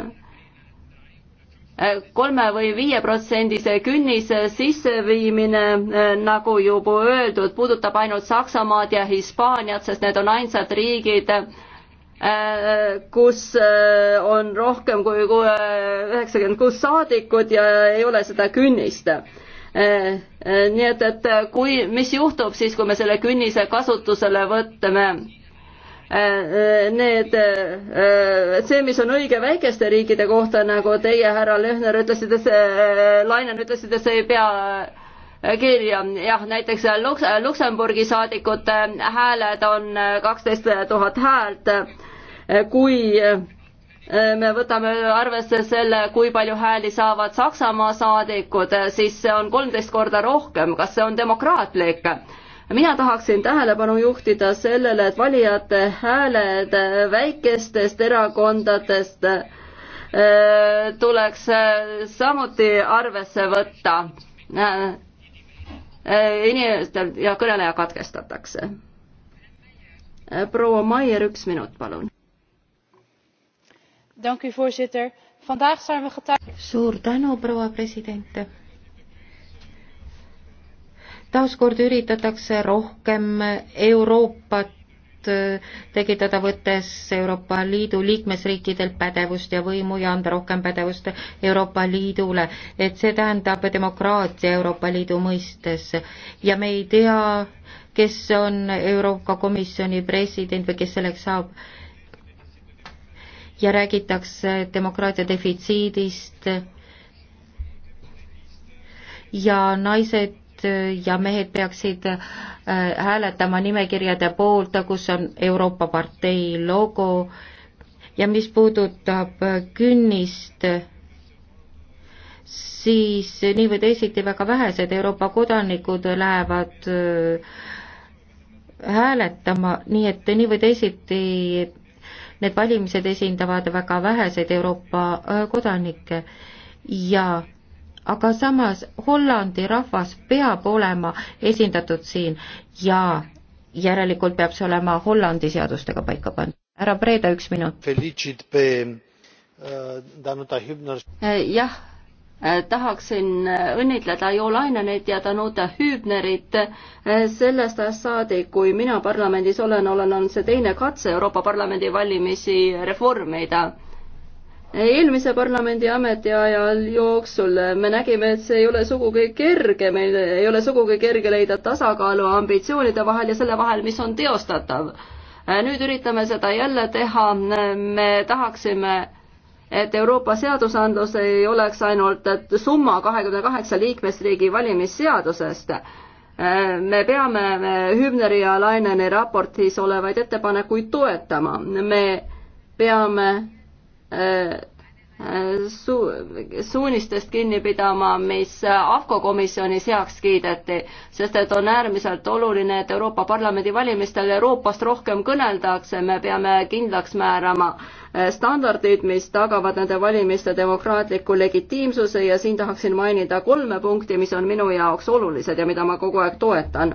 kolme või viieprotsendise künnise sisseviimine, äh, nagu juba öeldud, puudutab ainult Saksamaad ja Hispaaniat, sest need on ainsad riigid, äh, kus äh, on rohkem kui üheksakümmend kuus saadikut ja ei ole seda künnist. nii et, et kui, mis juhtub siis, kui me selle künnise kasutusele võtame? Äh, äh, need, äh, see, mis on õige väikeste riikide kohta, nagu teie, härra Lõhner, ütlesite, see, Lainen, ütlesite, see ei pea kirja, jah, näiteks Luks-, Luksemburgi saadikute hääled on kaksteist tuhat häält, kui me võtame arvesse selle, kui palju hääli saavad Saksamaa saadikud, siis see on kolmteist korda rohkem, kas see on demokraatlik? mina tahaksin tähelepanu juhtida sellele, et valijate hääled väikestest erakondadest äh, tuleks äh, samuti arvesse võtta. Äh, inimestel ja kõneleja katkestatakse. proua Maier, üks minut, palun. suur tänu, proua president taaskord üritatakse rohkem Euroopat äh, tekitada, võttes Euroopa Liidu liikmesriikidelt pädevust ja võimu ja anda rohkem pädevust Euroopa Liidule. et see tähendab demokraatia Euroopa Liidu mõistes ja me ei tea, kes on Euroopa Komisjoni president või kes selleks saab. ja räägitakse demokraatia defitsiidist ja naised naised äh, ja mehed peaksid äh, hääletama nimekirjade poolt, kus on Euroopa partei logo ja mis puudutab äh, künnist, siis nii või teisiti väga vähesed Euroopa kodanikud lähevad hääletama, nii et nii või teisiti need valimised esindavad väga väheseid Euroopa kodanikke ja aga samas Hollandi rahvas peab olema esindatud siin ja järelikult peab see olema Hollandi seadustega paika pandud. härra Preeda, üks minut. Äh, äh, jah, äh, tahaksin õnnitleda Jo Lainenit ja Danuta Hübnerit sellest ajast saadik, kui mina parlamendis olen, olen, on see teine katse Euroopa Parlamendi valimisi reformida eelmise parlamendi ametiaja jooksul me nägime, et see ei ole sugugi kerge, meil ei ole sugugi kerge leida tasakaalu ambitsioonide vahel ja selle vahel, mis on teostatav. nüüd üritame seda jälle teha, me tahaksime et Euroopa seadusandlus ei oleks ainult summa kahekümne kaheksa liikmesriigi valimisseadusest, me peame Hübneri ja Laineni raportis olevaid ettepanekuid toetama, me peame su-, suunistest kinni pidama, mis AFCO komisjonis heaks kiideti, sest et on äärmiselt oluline, et Euroopa Parlamendi valimistel Euroopast rohkem kõneldakse, me peame kindlaks määrama eh, standardid, mis tagavad nende valimiste demokraatliku legitiimsuse ja siin tahaksin mainida kolme punkti, mis on minu jaoks olulised ja mida ma kogu aeg toetan.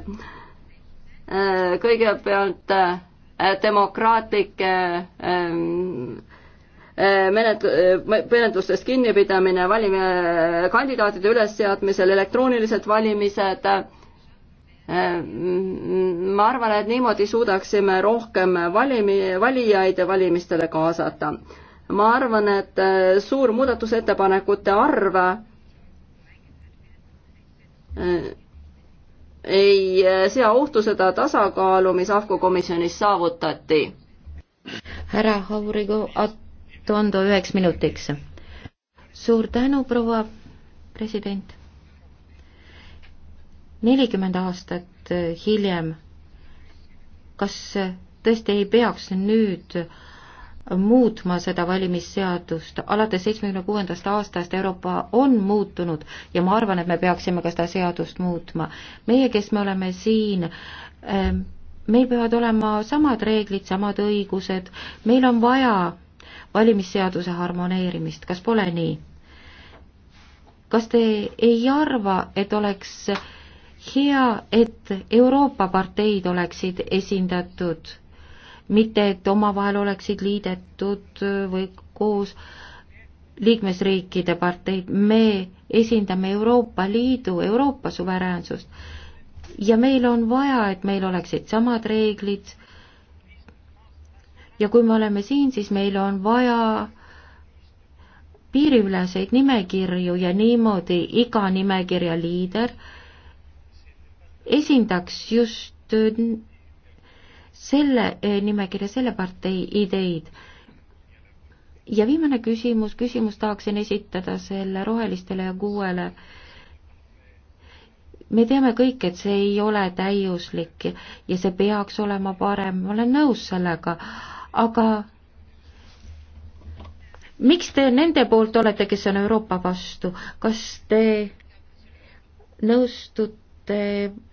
Eh, kõigepealt eh, demokraatlike menet-, äh, menetlustest äh, kinnipidamine, valime, äh, kandidaatide ülesseadmisel, elektroonilised valimised, ma arvan, et niimoodi suudaksime rohkem valimi, valijaid valimistele kaasata. ma arvan, et suur muudatusettepanekute arv ei sea ohtu seda tasakaalu, mis AFCO komisjonis saavutati. härra Haurigo, Tondo üheks minutiks. suur tänu, proua president. nelikümmend aastat hiljem, kas tõesti ei peaks nüüd muutma seda valimisseadust, alates seitsmekümne kuuendast aastast Euroopa on muutunud ja ma arvan, et me peaksime ka seda seadust muutma. meie, kes me oleme siin, ähm, meil peavad olema samad reeglid, samad õigused, meil on vaja valimisseaduse harmoneerimist, kas pole nii? kas te ei arva, et oleks hea, et Euroopa parteid oleksid esindatud, mitte et omavahel oleksid liidetud või koos liikmesriikide parteid, me esindame Euroopa Liidu, Euroopa suveräänsust ja meil on vaja, et meil oleksid samad reeglid ja kui me oleme siin, siis meil on vaja piiriüleseid nimekirju ja niimoodi iga nimekirja liider esindaks just äh, selle äh, nimekirja, selle partei ideid. ja viimane küsimus, küsimus tahaksin esitada selle rohelistele ja kuuele. me teame kõik, et see ei ole täiuslik ja see peaks olema parem, ma olen nõus sellega aga miks te nende poolt olete, kes on Euroopa vastu, kas te nõustute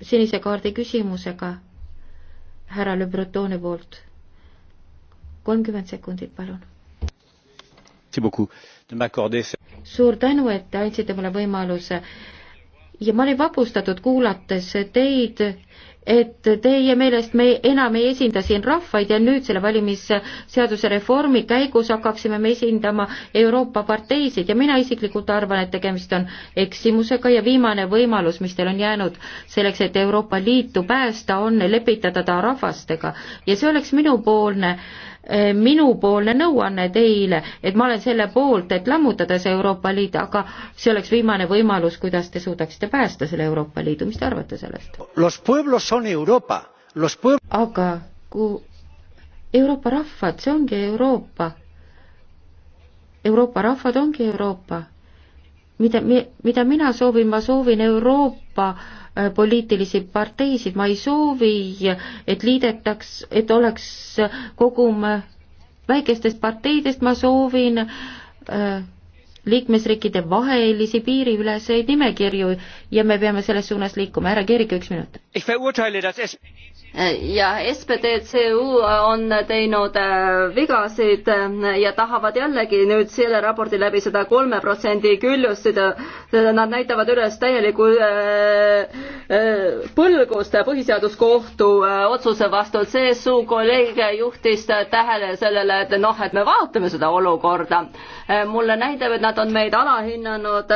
sinise kaardi küsimusega härra Le Bretoni poolt? kolmkümmend sekundit, palun suur tänu, et te andsite mulle võimaluse ja ma olin vapustatud, kuulates teid et teie meelest me enam ei esinda siin rahvaid ja nüüd selle valimisseaduse reformi käigus hakkaksime me esindama Euroopa parteisid ja mina isiklikult arvan, et tegemist on eksimusega ja viimane võimalus, mis teil on jäänud selleks, et Euroopa Liitu päästa, on lepitada ta rahvastega ja see oleks minupoolne äh, Eh, minupoolne nõuanne teile, et ma olen selle poolt, et lammutada see Euroopa Liit, aga see oleks viimane võimalus, kuidas te suudaksite päästa selle Euroopa Liidu, mis te arvate sellest? aga kui Euroopa rahvad, see ongi Euroopa. Euroopa rahvad ongi Euroopa mida, mida mina soovin, ma soovin Euroopa Äh, poliitilisi parteisid, ma ei soovi, äh, et liidetaks, et oleks äh, kogum väikestest parteidest, ma soovin äh, liikmesriikide vahelisi piiriüleseid nimekirju ja me peame selles suunas liikuma. härra Kirik, üks minut. ja SPDCU on teinud äh, vigasid äh, ja tahavad jällegi nüüd selle raporti läbi seda kolme protsendi küljust, seda, seda nad näitavad üles täielikku äh, põlgust põhiseaduskohtu otsuse vastu. CSU kolleeg juhtis tähele sellele, et noh, et me vaatame seda olukorda. mulle näitab, et nad on meid alahinnanud,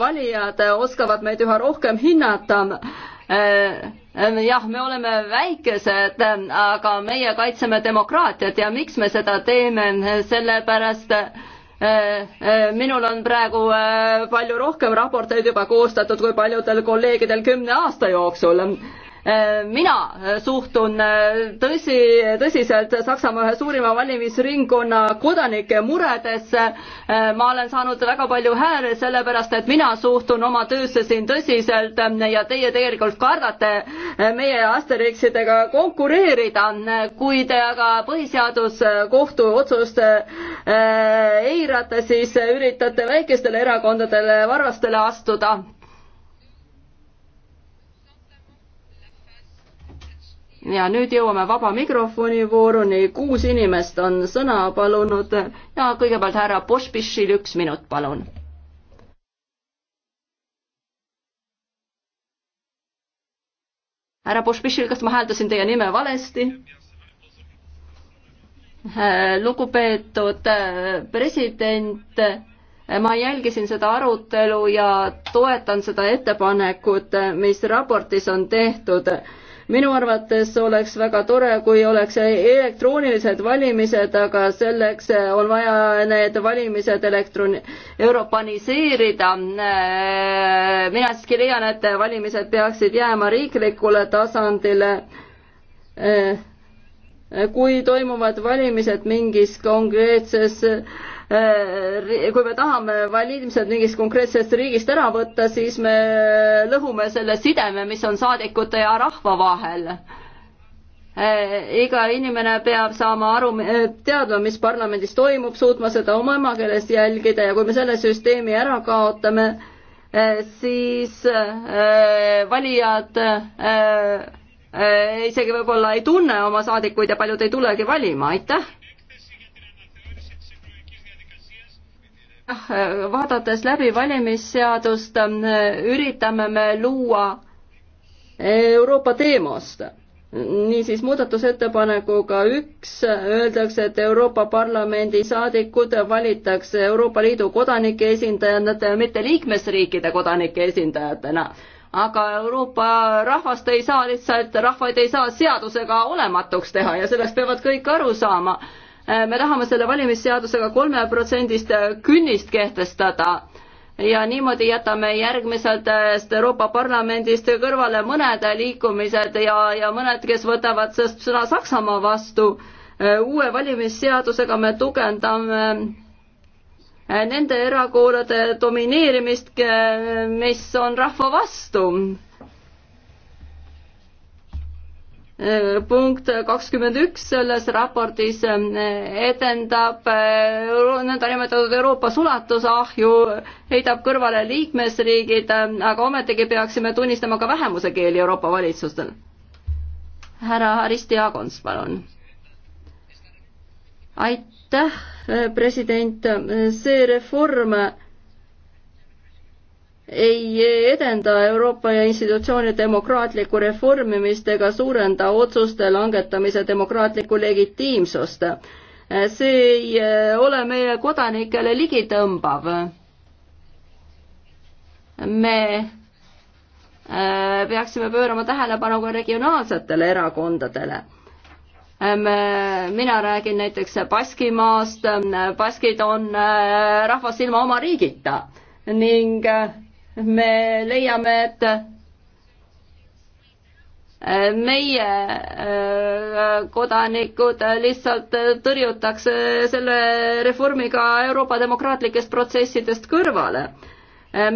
valijad oskavad meid üha rohkem hinnata äh, jah, me oleme väikesed, aga meie kaitseme demokraatiat ja miks me seda teeme, sellepärast äh, äh, minul on praegu palju rohkem raporteid juba koostatud kui paljudel kolleegidel kümne aasta jooksul Äh, mina äh, suhtun äh, tõsi, tõsiselt Saksamaa ühe suurima valimisringkonna kodanike muredesse. ma olen saanud väga palju hääli sellepärast, et mina suhtun oma töösse siin tõsiselt ja teie tegelikult kardate meie Asterixidega konkureerida. kui te aga põhiseaduskohtu otsust eirate, siis üritate väikestele erakondadele varvastele astuda ja nüüd jõuame vaba mikrofoni vooruni, kuus inimest on sõna palunud ja kõigepealt härra Pospišil üks minut, palun. härra Pospišil, kas ma hääldasin teie nime valesti? Äh, lugupeetud äh, president, äh, ma jälgisin seda arutelu ja toetan seda ettepanekut, mis raportis on tehtud minu arvates oleks väga tore, kui oleks elektroonilised valimised, aga selleks on vaja need valimised elektron-, europaniseerida. mina siiski leian, et valimised peaksid jääma riiklikule tasandile kui toimuvad valimised mingis konkreetses kui me tahame valimised mingist konkreetsest riigist ära võtta, siis me lõhume selle sideme, mis on saadikute ja rahva vahel. iga inimene peab saama aru, teadma, mis parlamendis toimub, suutma seda oma emakeeles jälgida ja kui me selle süsteemi ära kaotame, siis eh, valijad eh, eh, isegi võib-olla ei tunne oma saadikuid ja paljud ei tulegi valima, aitäh vaadates läbi valimisseadust, äh, üritame me luua Euroopa teemast. niisiis muudatusettepanekuga üks öeldakse, et Euroopa Parlamendi saadikud valitakse Euroopa Liidu kodanike esindajatena, mitte liikmesriikide kodanike esindajatena aga Euroopa rahvast ei saa lihtsalt, rahvaid ei saa seadusega olematuks teha ja sellest peavad kõik aru saama Äh, me tahame selle valimisseadusega kolmeprotsendist äh, künnist kehtestada ja niimoodi jätame järgmisest äh, Euroopa Parlamendist kõrvale mõned liikumised ja, ja mõned, kes võtavad sest sõna Saksamaa vastu. uue valimisseadusega me tugevdame nende erakordade domineerimist, mis on rahva vastu punkt kakskümmend üks selles raportis edendab eh, eh, nõndanimetatud Euroopa sulatusahju, heidab kõrvale liikmesriigid, eh, aga ometigi peaksime tunnistama ka vähemuse keeli Euroopa valitsustel. härra Aristi Agons, palun. aitäh, president, see reform ei edenda Euroopa institutsiooni demokraatlikku reformimist ega suurenda otsuste langetamise demokraatlikku legitiimsust. see ei eh, ole meie kodanikele ligitõmbav. me eh, peaksime pöörama tähelepanu ka regionaalsetele erakondadele eh, mina räägin näiteks Baskimaast, baskid on rahvas ilma oma riigita ning me leiame, et äh, meie äh, kodanikud lihtsalt tõrjutakse selle reformiga Euroopa demokraatlikest protsessidest kõrvale. Äh,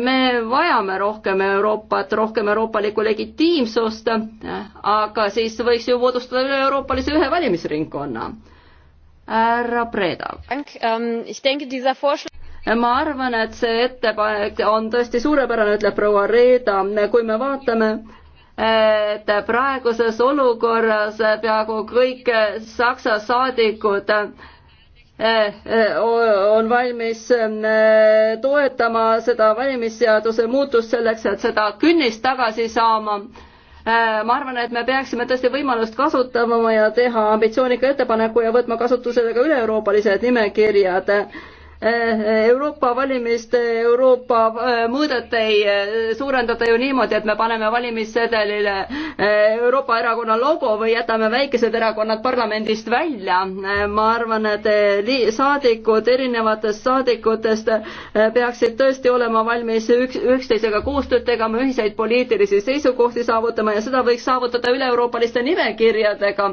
me vajame rohkem Euroopat, rohkem euroopalikku legitiimsust, aga siis võiks ju moodustada üle-euroopalise ühe valimisringkonna. härra Preda ma arvan, et see ettepanek on tõesti suurepärane, ütleb proua Reeda, kui me vaatame, et praeguses olukorras peaaegu kõik Saksa saadikud eh, on valmis eh, toetama seda valimisseaduse muutust selleks, et seda künnist tagasi saama. Eh, ma arvan, et me peaksime tõesti võimalust kasutama ja teha ambitsioonika ettepaneku ja võtma kasutusele ka üle-euroopalised nimekirjad Eh, Euroopa valimiste Euroopa eh, mõõdet ei eh, suurendata ju niimoodi, et me paneme valimissedelile Euroopa erakonna logo või jätame väikesed erakonnad parlamendist välja. ma arvan, et saadikud erinevatest saadikutest peaksid tõesti olema valmis üks, üksteisega koostööd tegema, ühiseid poliitilisi seisukohti saavutama ja seda võiks saavutada üle-euroopaliste nimekirjadega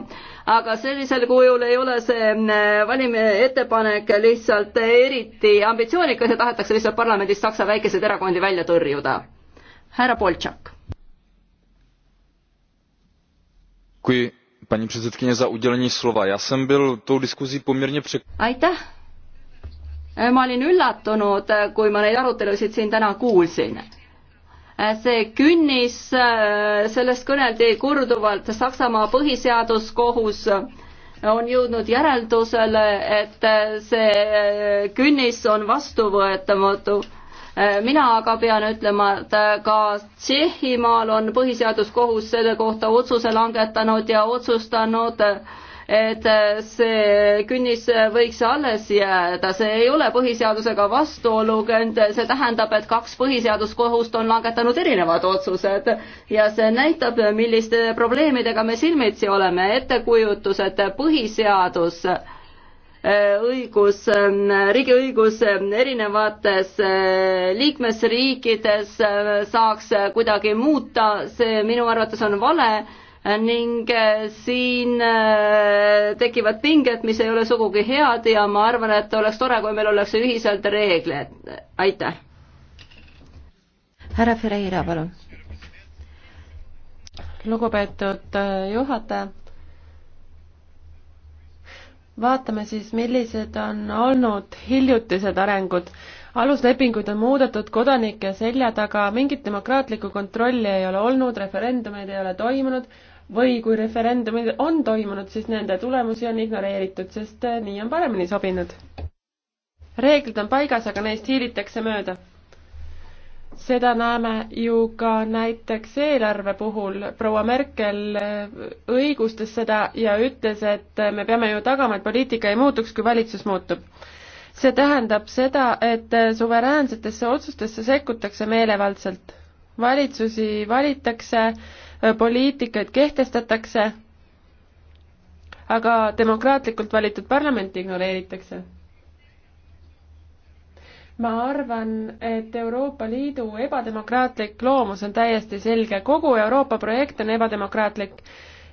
aga sellisel kujul ei ole see mm, valimi ettepanek lihtsalt eriti ambitsioonikas ja tahetakse lihtsalt parlamendis Saksa väikeseid erakondi välja tõrjuda. härra Boltšak. kui paní předsedkyně za udělení slova. Já jsem byl tou diskuzí poměrně překvapen. Ma olin üllatunud, kui ma neid arutelusid siin täna kuulsin see künnis, äh, sellest kõneldi korduvalt, Saksamaa põhiseaduskohus äh, on jõudnud järeldusele, et äh, see künnis on vastuvõetamatu mina aga pean ütlema, et ka Tšehhimaal on põhiseaduskohus selle kohta otsuse langetanud ja otsustanud äh, et äh, see künnis võiks alles jääda, see ei ole põhiseadusega vastuolunud, see tähendab, et kaks põhiseaduskohust on langetanud erinevad otsused ja see näitab, milliste probleemidega me silmitsi oleme, ettekujutus, et põhiseadus äh, õigus, äh, riigiõigus erinevates liikmesriikides saaks kuidagi muuta, see minu arvates on vale ning äh, siin äh, tekivad pinged, mis ei ole sugugi head ja ma arvan, et oleks tore, kui meil oleks ühiselt reeglid. aitäh. härra Ferreira, palun. lugupeetud äh, juhataja vaatame siis, millised on olnud hiljutised arengud. aluslepinguid on muudetud kodanike selja taga, mingit demokraatlikku kontrolli ei ole olnud, referendumeid ei ole toimunud, või kui referendumid on toimunud, siis nende tulemusi on ignoreeritud, sest äh, nii on paremini sobinud. reeglid on paigas, aga neist hiilitakse mööda. seda näeme ju ka näiteks eelarve puhul. proua Merkel äh, õigustas seda ja ütles, et äh, me peame ju tagama, et poliitika ei muutuks, kui valitsus muutub see tähendab seda, et suveräänsetesse otsustesse sekkutakse meelevaldselt. valitsusi valitakse äh, Äh, poliitikaid kehtestatakse, aga demokraatlikult valitud parlamenti ignoreeritakse. ma arvan, et Euroopa Liidu ebademokraatlik loomus on täiesti selge, kogu Euroopa projekt on ebademokraatlik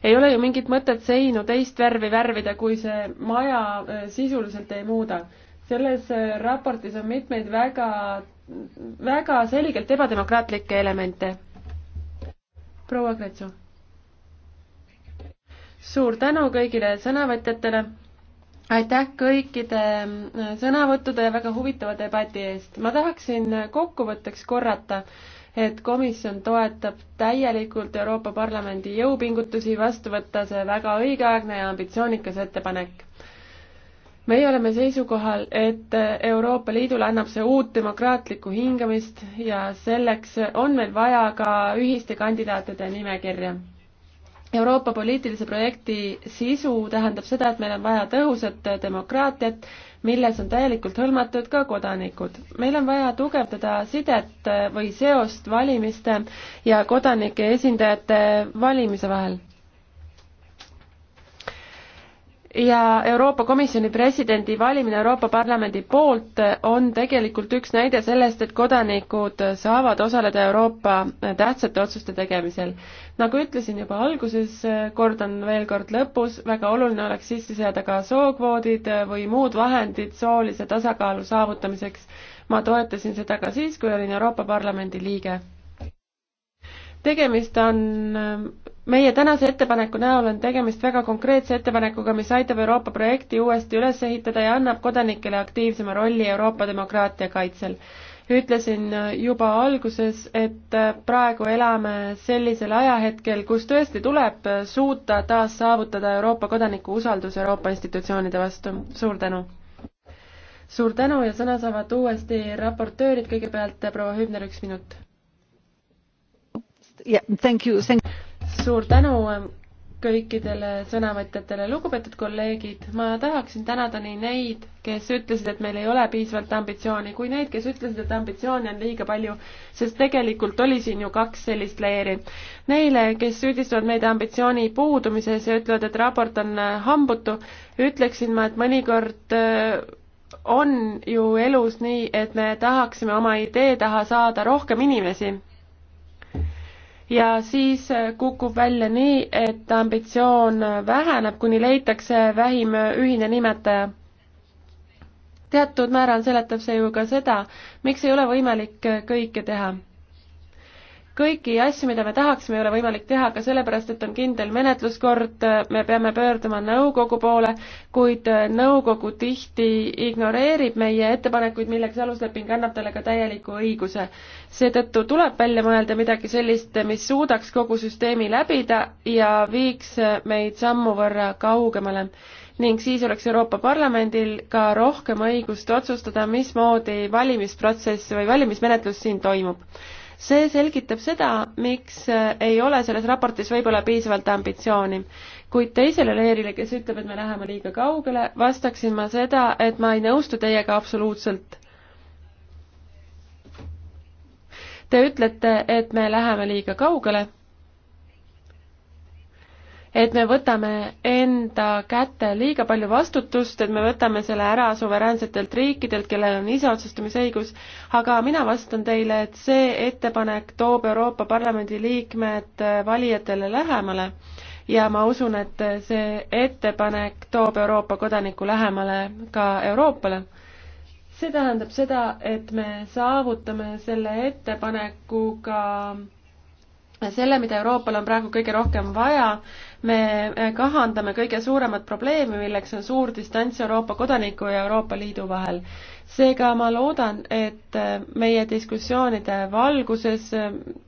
ei ole ju mingit mõtet seinu teist värvi värvida, kui see maja äh, sisuliselt ei muuda. selles äh, raportis on mitmeid väga, väga selgelt ebademokraatlikke elemente proua Kretsu. suur tänu kõigile sõnavõtjatele. aitäh kõikide äh, sõnavõttude ja väga huvitava debati eest. ma tahaksin kokkuvõtteks korrata, et komisjon toetab täielikult Euroopa Parlamendi jõupingutusi vastu võtta see väga õigeaegne ja ambitsioonikas ettepanek meie oleme seisukohal, et Euroopa Liidule annab see uut demokraatlikku hingamist ja selleks on meil vaja ka ühiste kandidaatide nimekirja. Euroopa poliitilise projekti sisu tähendab seda, et meil on vaja tõhusat demokraatiat, milles on täielikult hõlmatud ka kodanikud. meil on vaja tugevdada sidet või seost valimiste ja kodanike esindajate valimise vahel ja Euroopa Komisjoni presidendi valimine Euroopa Parlamendi poolt on tegelikult üks näide sellest, et kodanikud saavad osaleda Euroopa tähtsate otsuste tegemisel. nagu ütlesin juba alguses, kordan veel kord lõpus, väga oluline oleks sisse seada ka sookvoodid või muud vahendid soolise tasakaalu saavutamiseks. ma toetasin seda ka siis, kui olin Euroopa Parlamendi liige tegemist on, meie tänase ettepaneku näol on tegemist väga konkreetse ettepanekuga, mis aitab Euroopa projekti uuesti üles ehitada ja annab kodanikele aktiivsema rolli Euroopa demokraatia kaitsel. ütlesin juba alguses, et praegu elame sellisel ajahetkel, kus tõesti tuleb suuta taas saavutada Euroopa kodaniku usaldus Euroopa institutsioonide vastu. suur tänu! suur tänu ja sõna saavad uuesti raportöörid, kõigepealt proua Hübner, üks minut suur tänu ähm, kõikidele sõnavõtjatele. lugupeetud kolleegid, ma tahaksin tänada nii neid, kes ütlesid, et meil ei ole piisavalt ambitsiooni, kui neid, kes ütlesid, et ambitsiooni on liiga palju, sest tegelikult oli siin ju kaks sellist leeri. Neile, kes süüdistavad meid ambitsiooni puudumises ja ütlevad, et raport on äh, hambutu, ütleksin ma, et mõnikord äh, on ju elus nii, et me tahaksime oma idee taha saada rohkem inimesi ja siis äh, kukub välja nii, et ambitsioon äh, väheneb, kuni leitakse vähim äh, ühine nimetaja. teatud määral seletab see ju ka seda, miks ei ole võimalik kõike teha kõiki asju, mida me tahaksime, ei ole võimalik teha ka sellepärast, et on kindel menetluskord, me peame pöörduma nõukogu poole, kuid nõukogu tihti ignoreerib meie ettepanekuid, milleks alusleping annab talle ka täieliku õiguse. seetõttu tuleb välja mõelda midagi sellist, mis suudaks kogu süsteemi läbida ja viiks meid sammu võrra kaugemale ning siis oleks Euroopa Parlamendil ka rohkem õigust otsustada, mismoodi valimisprotsess või valimismenetlus siin toimub see selgitab seda, miks äh, ei ole selles raportis võib-olla piisavalt ambitsiooni. kuid teisele leerile, kes ütleb, et me läheme liiga kaugele, vastaksin ma seda, et ma ei nõustu teiega absoluutselt. Te ütlete, et me läheme liiga kaugele et me võtame enda kätte liiga palju vastutust, et me võtame selle ära suveräänsetelt riikidelt, kellel on iseotsustamisõigus, aga mina vastan teile, et see ettepanek toob Euroopa Parlamendi liikmed valijatele lähemale ja ma usun, et see ettepanek toob Euroopa kodaniku lähemale ka Euroopale. see tähendab seda, et me saavutame selle ettepanekuga ka selle, mida Euroopal on praegu kõige rohkem vaja. me kahandame kõige suuremat probleemi, milleks on suur distants Euroopa kodaniku ja Euroopa Liidu vahel. seega ma loodan, et meie diskussioonide valguses,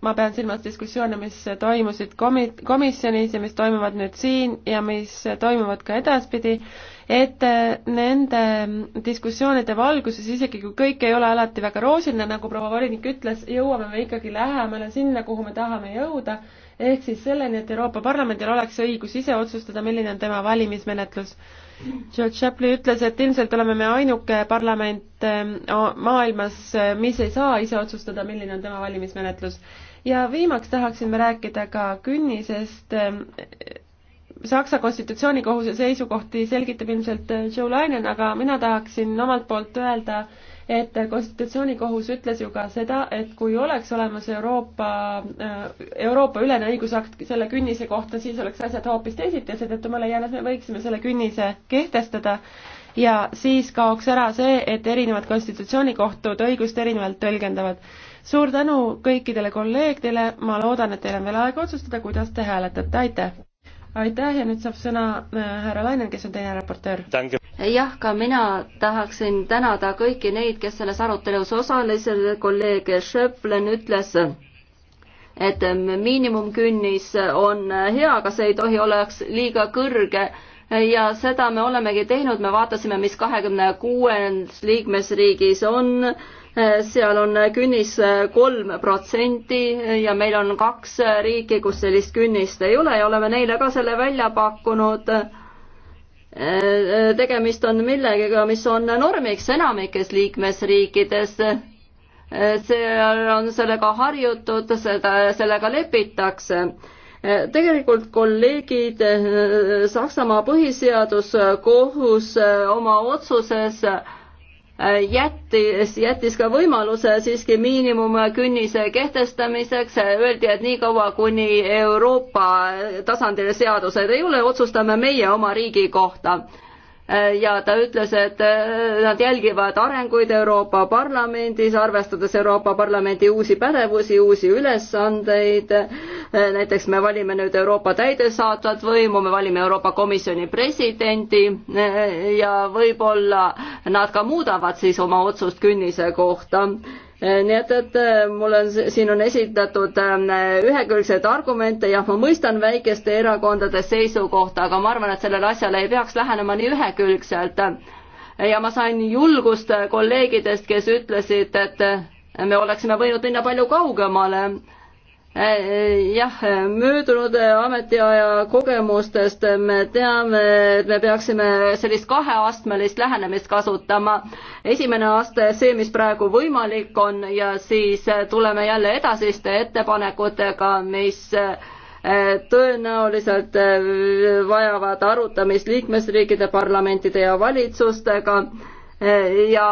ma pean silmas diskussioone, mis toimusid komi-, komisjonis ja mis toimuvad nüüd siin ja mis toimuvad ka edaspidi, et äh, nende diskussioonide valguses, isegi kui kõik ei ole alati väga roosiline, nagu proua volinik ütles, jõuame me ikkagi lähemale sinna, kuhu me tahame jõuda, ehk siis selleni, et Euroopa Parlamendil oleks õigus ise otsustada, milline on tema valimismenetlus. George Shapley ütles, et ilmselt oleme me ainuke parlament ähm, maailmas, äh, mis ei saa ise otsustada, milline on tema valimismenetlus. ja viimaks tahaksime rääkida ka künnisest ähm, Saksa konstitutsioonikohuse seisukohti selgitab ilmselt äh, Joe Lainen, aga mina tahaksin omalt poolt öelda, et konstitutsioonikohus ütles ju ka seda, et kui oleks olemas Euroopa, äh, Euroopa-ülene õigusakt selle künnise kohta, siis oleks asjad hoopis teisiti ja seetõttu ma leian, et me võiksime selle künnise kehtestada ja siis kaoks ära see, et erinevad konstitutsioonikohtud õigust erinevalt tõlgendavad. suur tänu kõikidele kolleegidele, ma loodan, et teil on veel aega otsustada, kuidas te hääletate, aitäh! aitäh ja nüüd saab sõna äh, härra Lainen, kes on teine raportöör. jah, ka mina tahaksin tänada kõiki neid, kes selles arutelus osalesid, kolleeg Schöplen ütles, et miinimumkünnis on hea, aga see ei tohi oleks liiga kõrge ja seda me olemegi teinud, me vaatasime, mis kahekümne kuues liikmesriigis on seal on künnis kolm protsenti ja meil on kaks riiki, kus sellist künnist ei ole ja oleme neile ka selle välja pakkunud. tegemist on millegagi, mis on normiks enamikes liikmesriikides seal on sellega harjutud, seda, sellega lepitakse. tegelikult kolleegid, Saksamaa põhiseaduskohus oma otsuses äh, Äh, jättis, jättis ka võimaluse siiski miinimumkünnise kehtestamiseks, öeldi, et niikaua, kuni Euroopa tasandil seadused ei ole, otsustame meie oma riigi kohta Äh, ja ta ütles, et äh, nad jälgivad arenguid Euroopa Parlamendis, arvestades Euroopa Parlamendi uusi pädevusi, uusi ülesandeid. Äh, näiteks me valime nüüd Euroopa täidesaatvat võimu, me valime Euroopa Komisjoni presidenti ja võib-olla nad ka muudavad siis oma otsust künnise kohta Eh, nii et, et eh, mul on, siin on esitatud eh, ühekülgseid argumente, jah, ma mõistan väikeste erakondade seisukohta, aga ma arvan, et sellele asjale ei peaks lähenema nii ühekülgselt. ja ma sain julgust kolleegidest, kes ütlesid, et me oleksime võinud minna palju kaugemale jah, möödunud ametiaja kogemustest me teame, et me peaksime sellist kaheastmelist lähenemist kasutama. esimene aste, see, mis praegu võimalik on ja siis tuleme jälle edasiste ettepanekutega, mis eh, tõenäoliselt eh, vajavad arutamist liikmesriikide parlamentide ja valitsustega eh, ja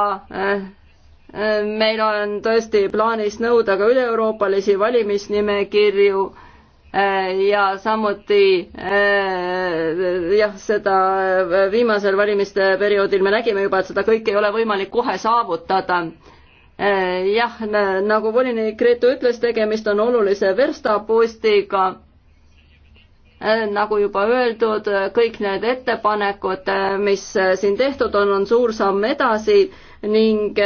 meil on tõesti plaanis nõuda ka üle-euroopalisi valimisnimekirju äh, ja samuti äh, jah, seda äh, viimasel valimiste perioodil me nägime juba, et seda kõike ei ole võimalik kohe saavutada. jah, nagu volinik Reetu ütles, tegemist on olulise verstapostiga nagu juba öeldud, kõik need ettepanekud, mis siin tehtud on, on suur samm edasi ning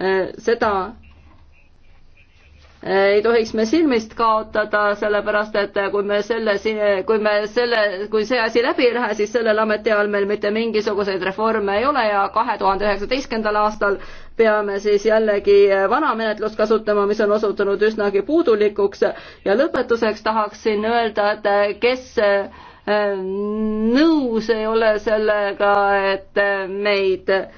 Äh, seda äh, ei tohiks me silmist kaotada, sellepärast et äh, kui me selle, kui me selle, kui see asi läbi ei lähe, siis sellel ametiajal meil mitte mingisuguseid reforme ei ole ja kahe tuhande üheksateistkümnendal aastal peame siis jällegi vana menetlust kasutama, mis on osutunud üsnagi puudulikuks ja lõpetuseks tahaksin öelda, et kes nõus ei ole sellega, et meid äh,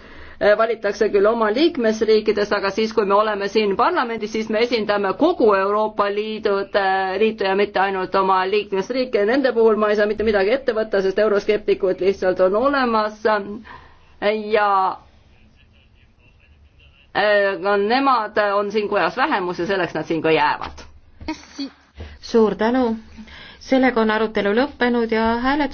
Eh, valitakse küll oma liikmesriikides, aga siis, kui me oleme siin parlamendis, siis me esindame kogu Euroopa Liidud, eh, liitu ja mitte ainult oma liikmesriike ja nende puhul ma ei saa mitte midagi ette võtta, sest euroskeptikud lihtsalt on olemas ja eh, nemad on siin kojas vähemus ja selleks nad siin ka jäävad. suur tänu, sellega on arutelu lõppenud ja hääletus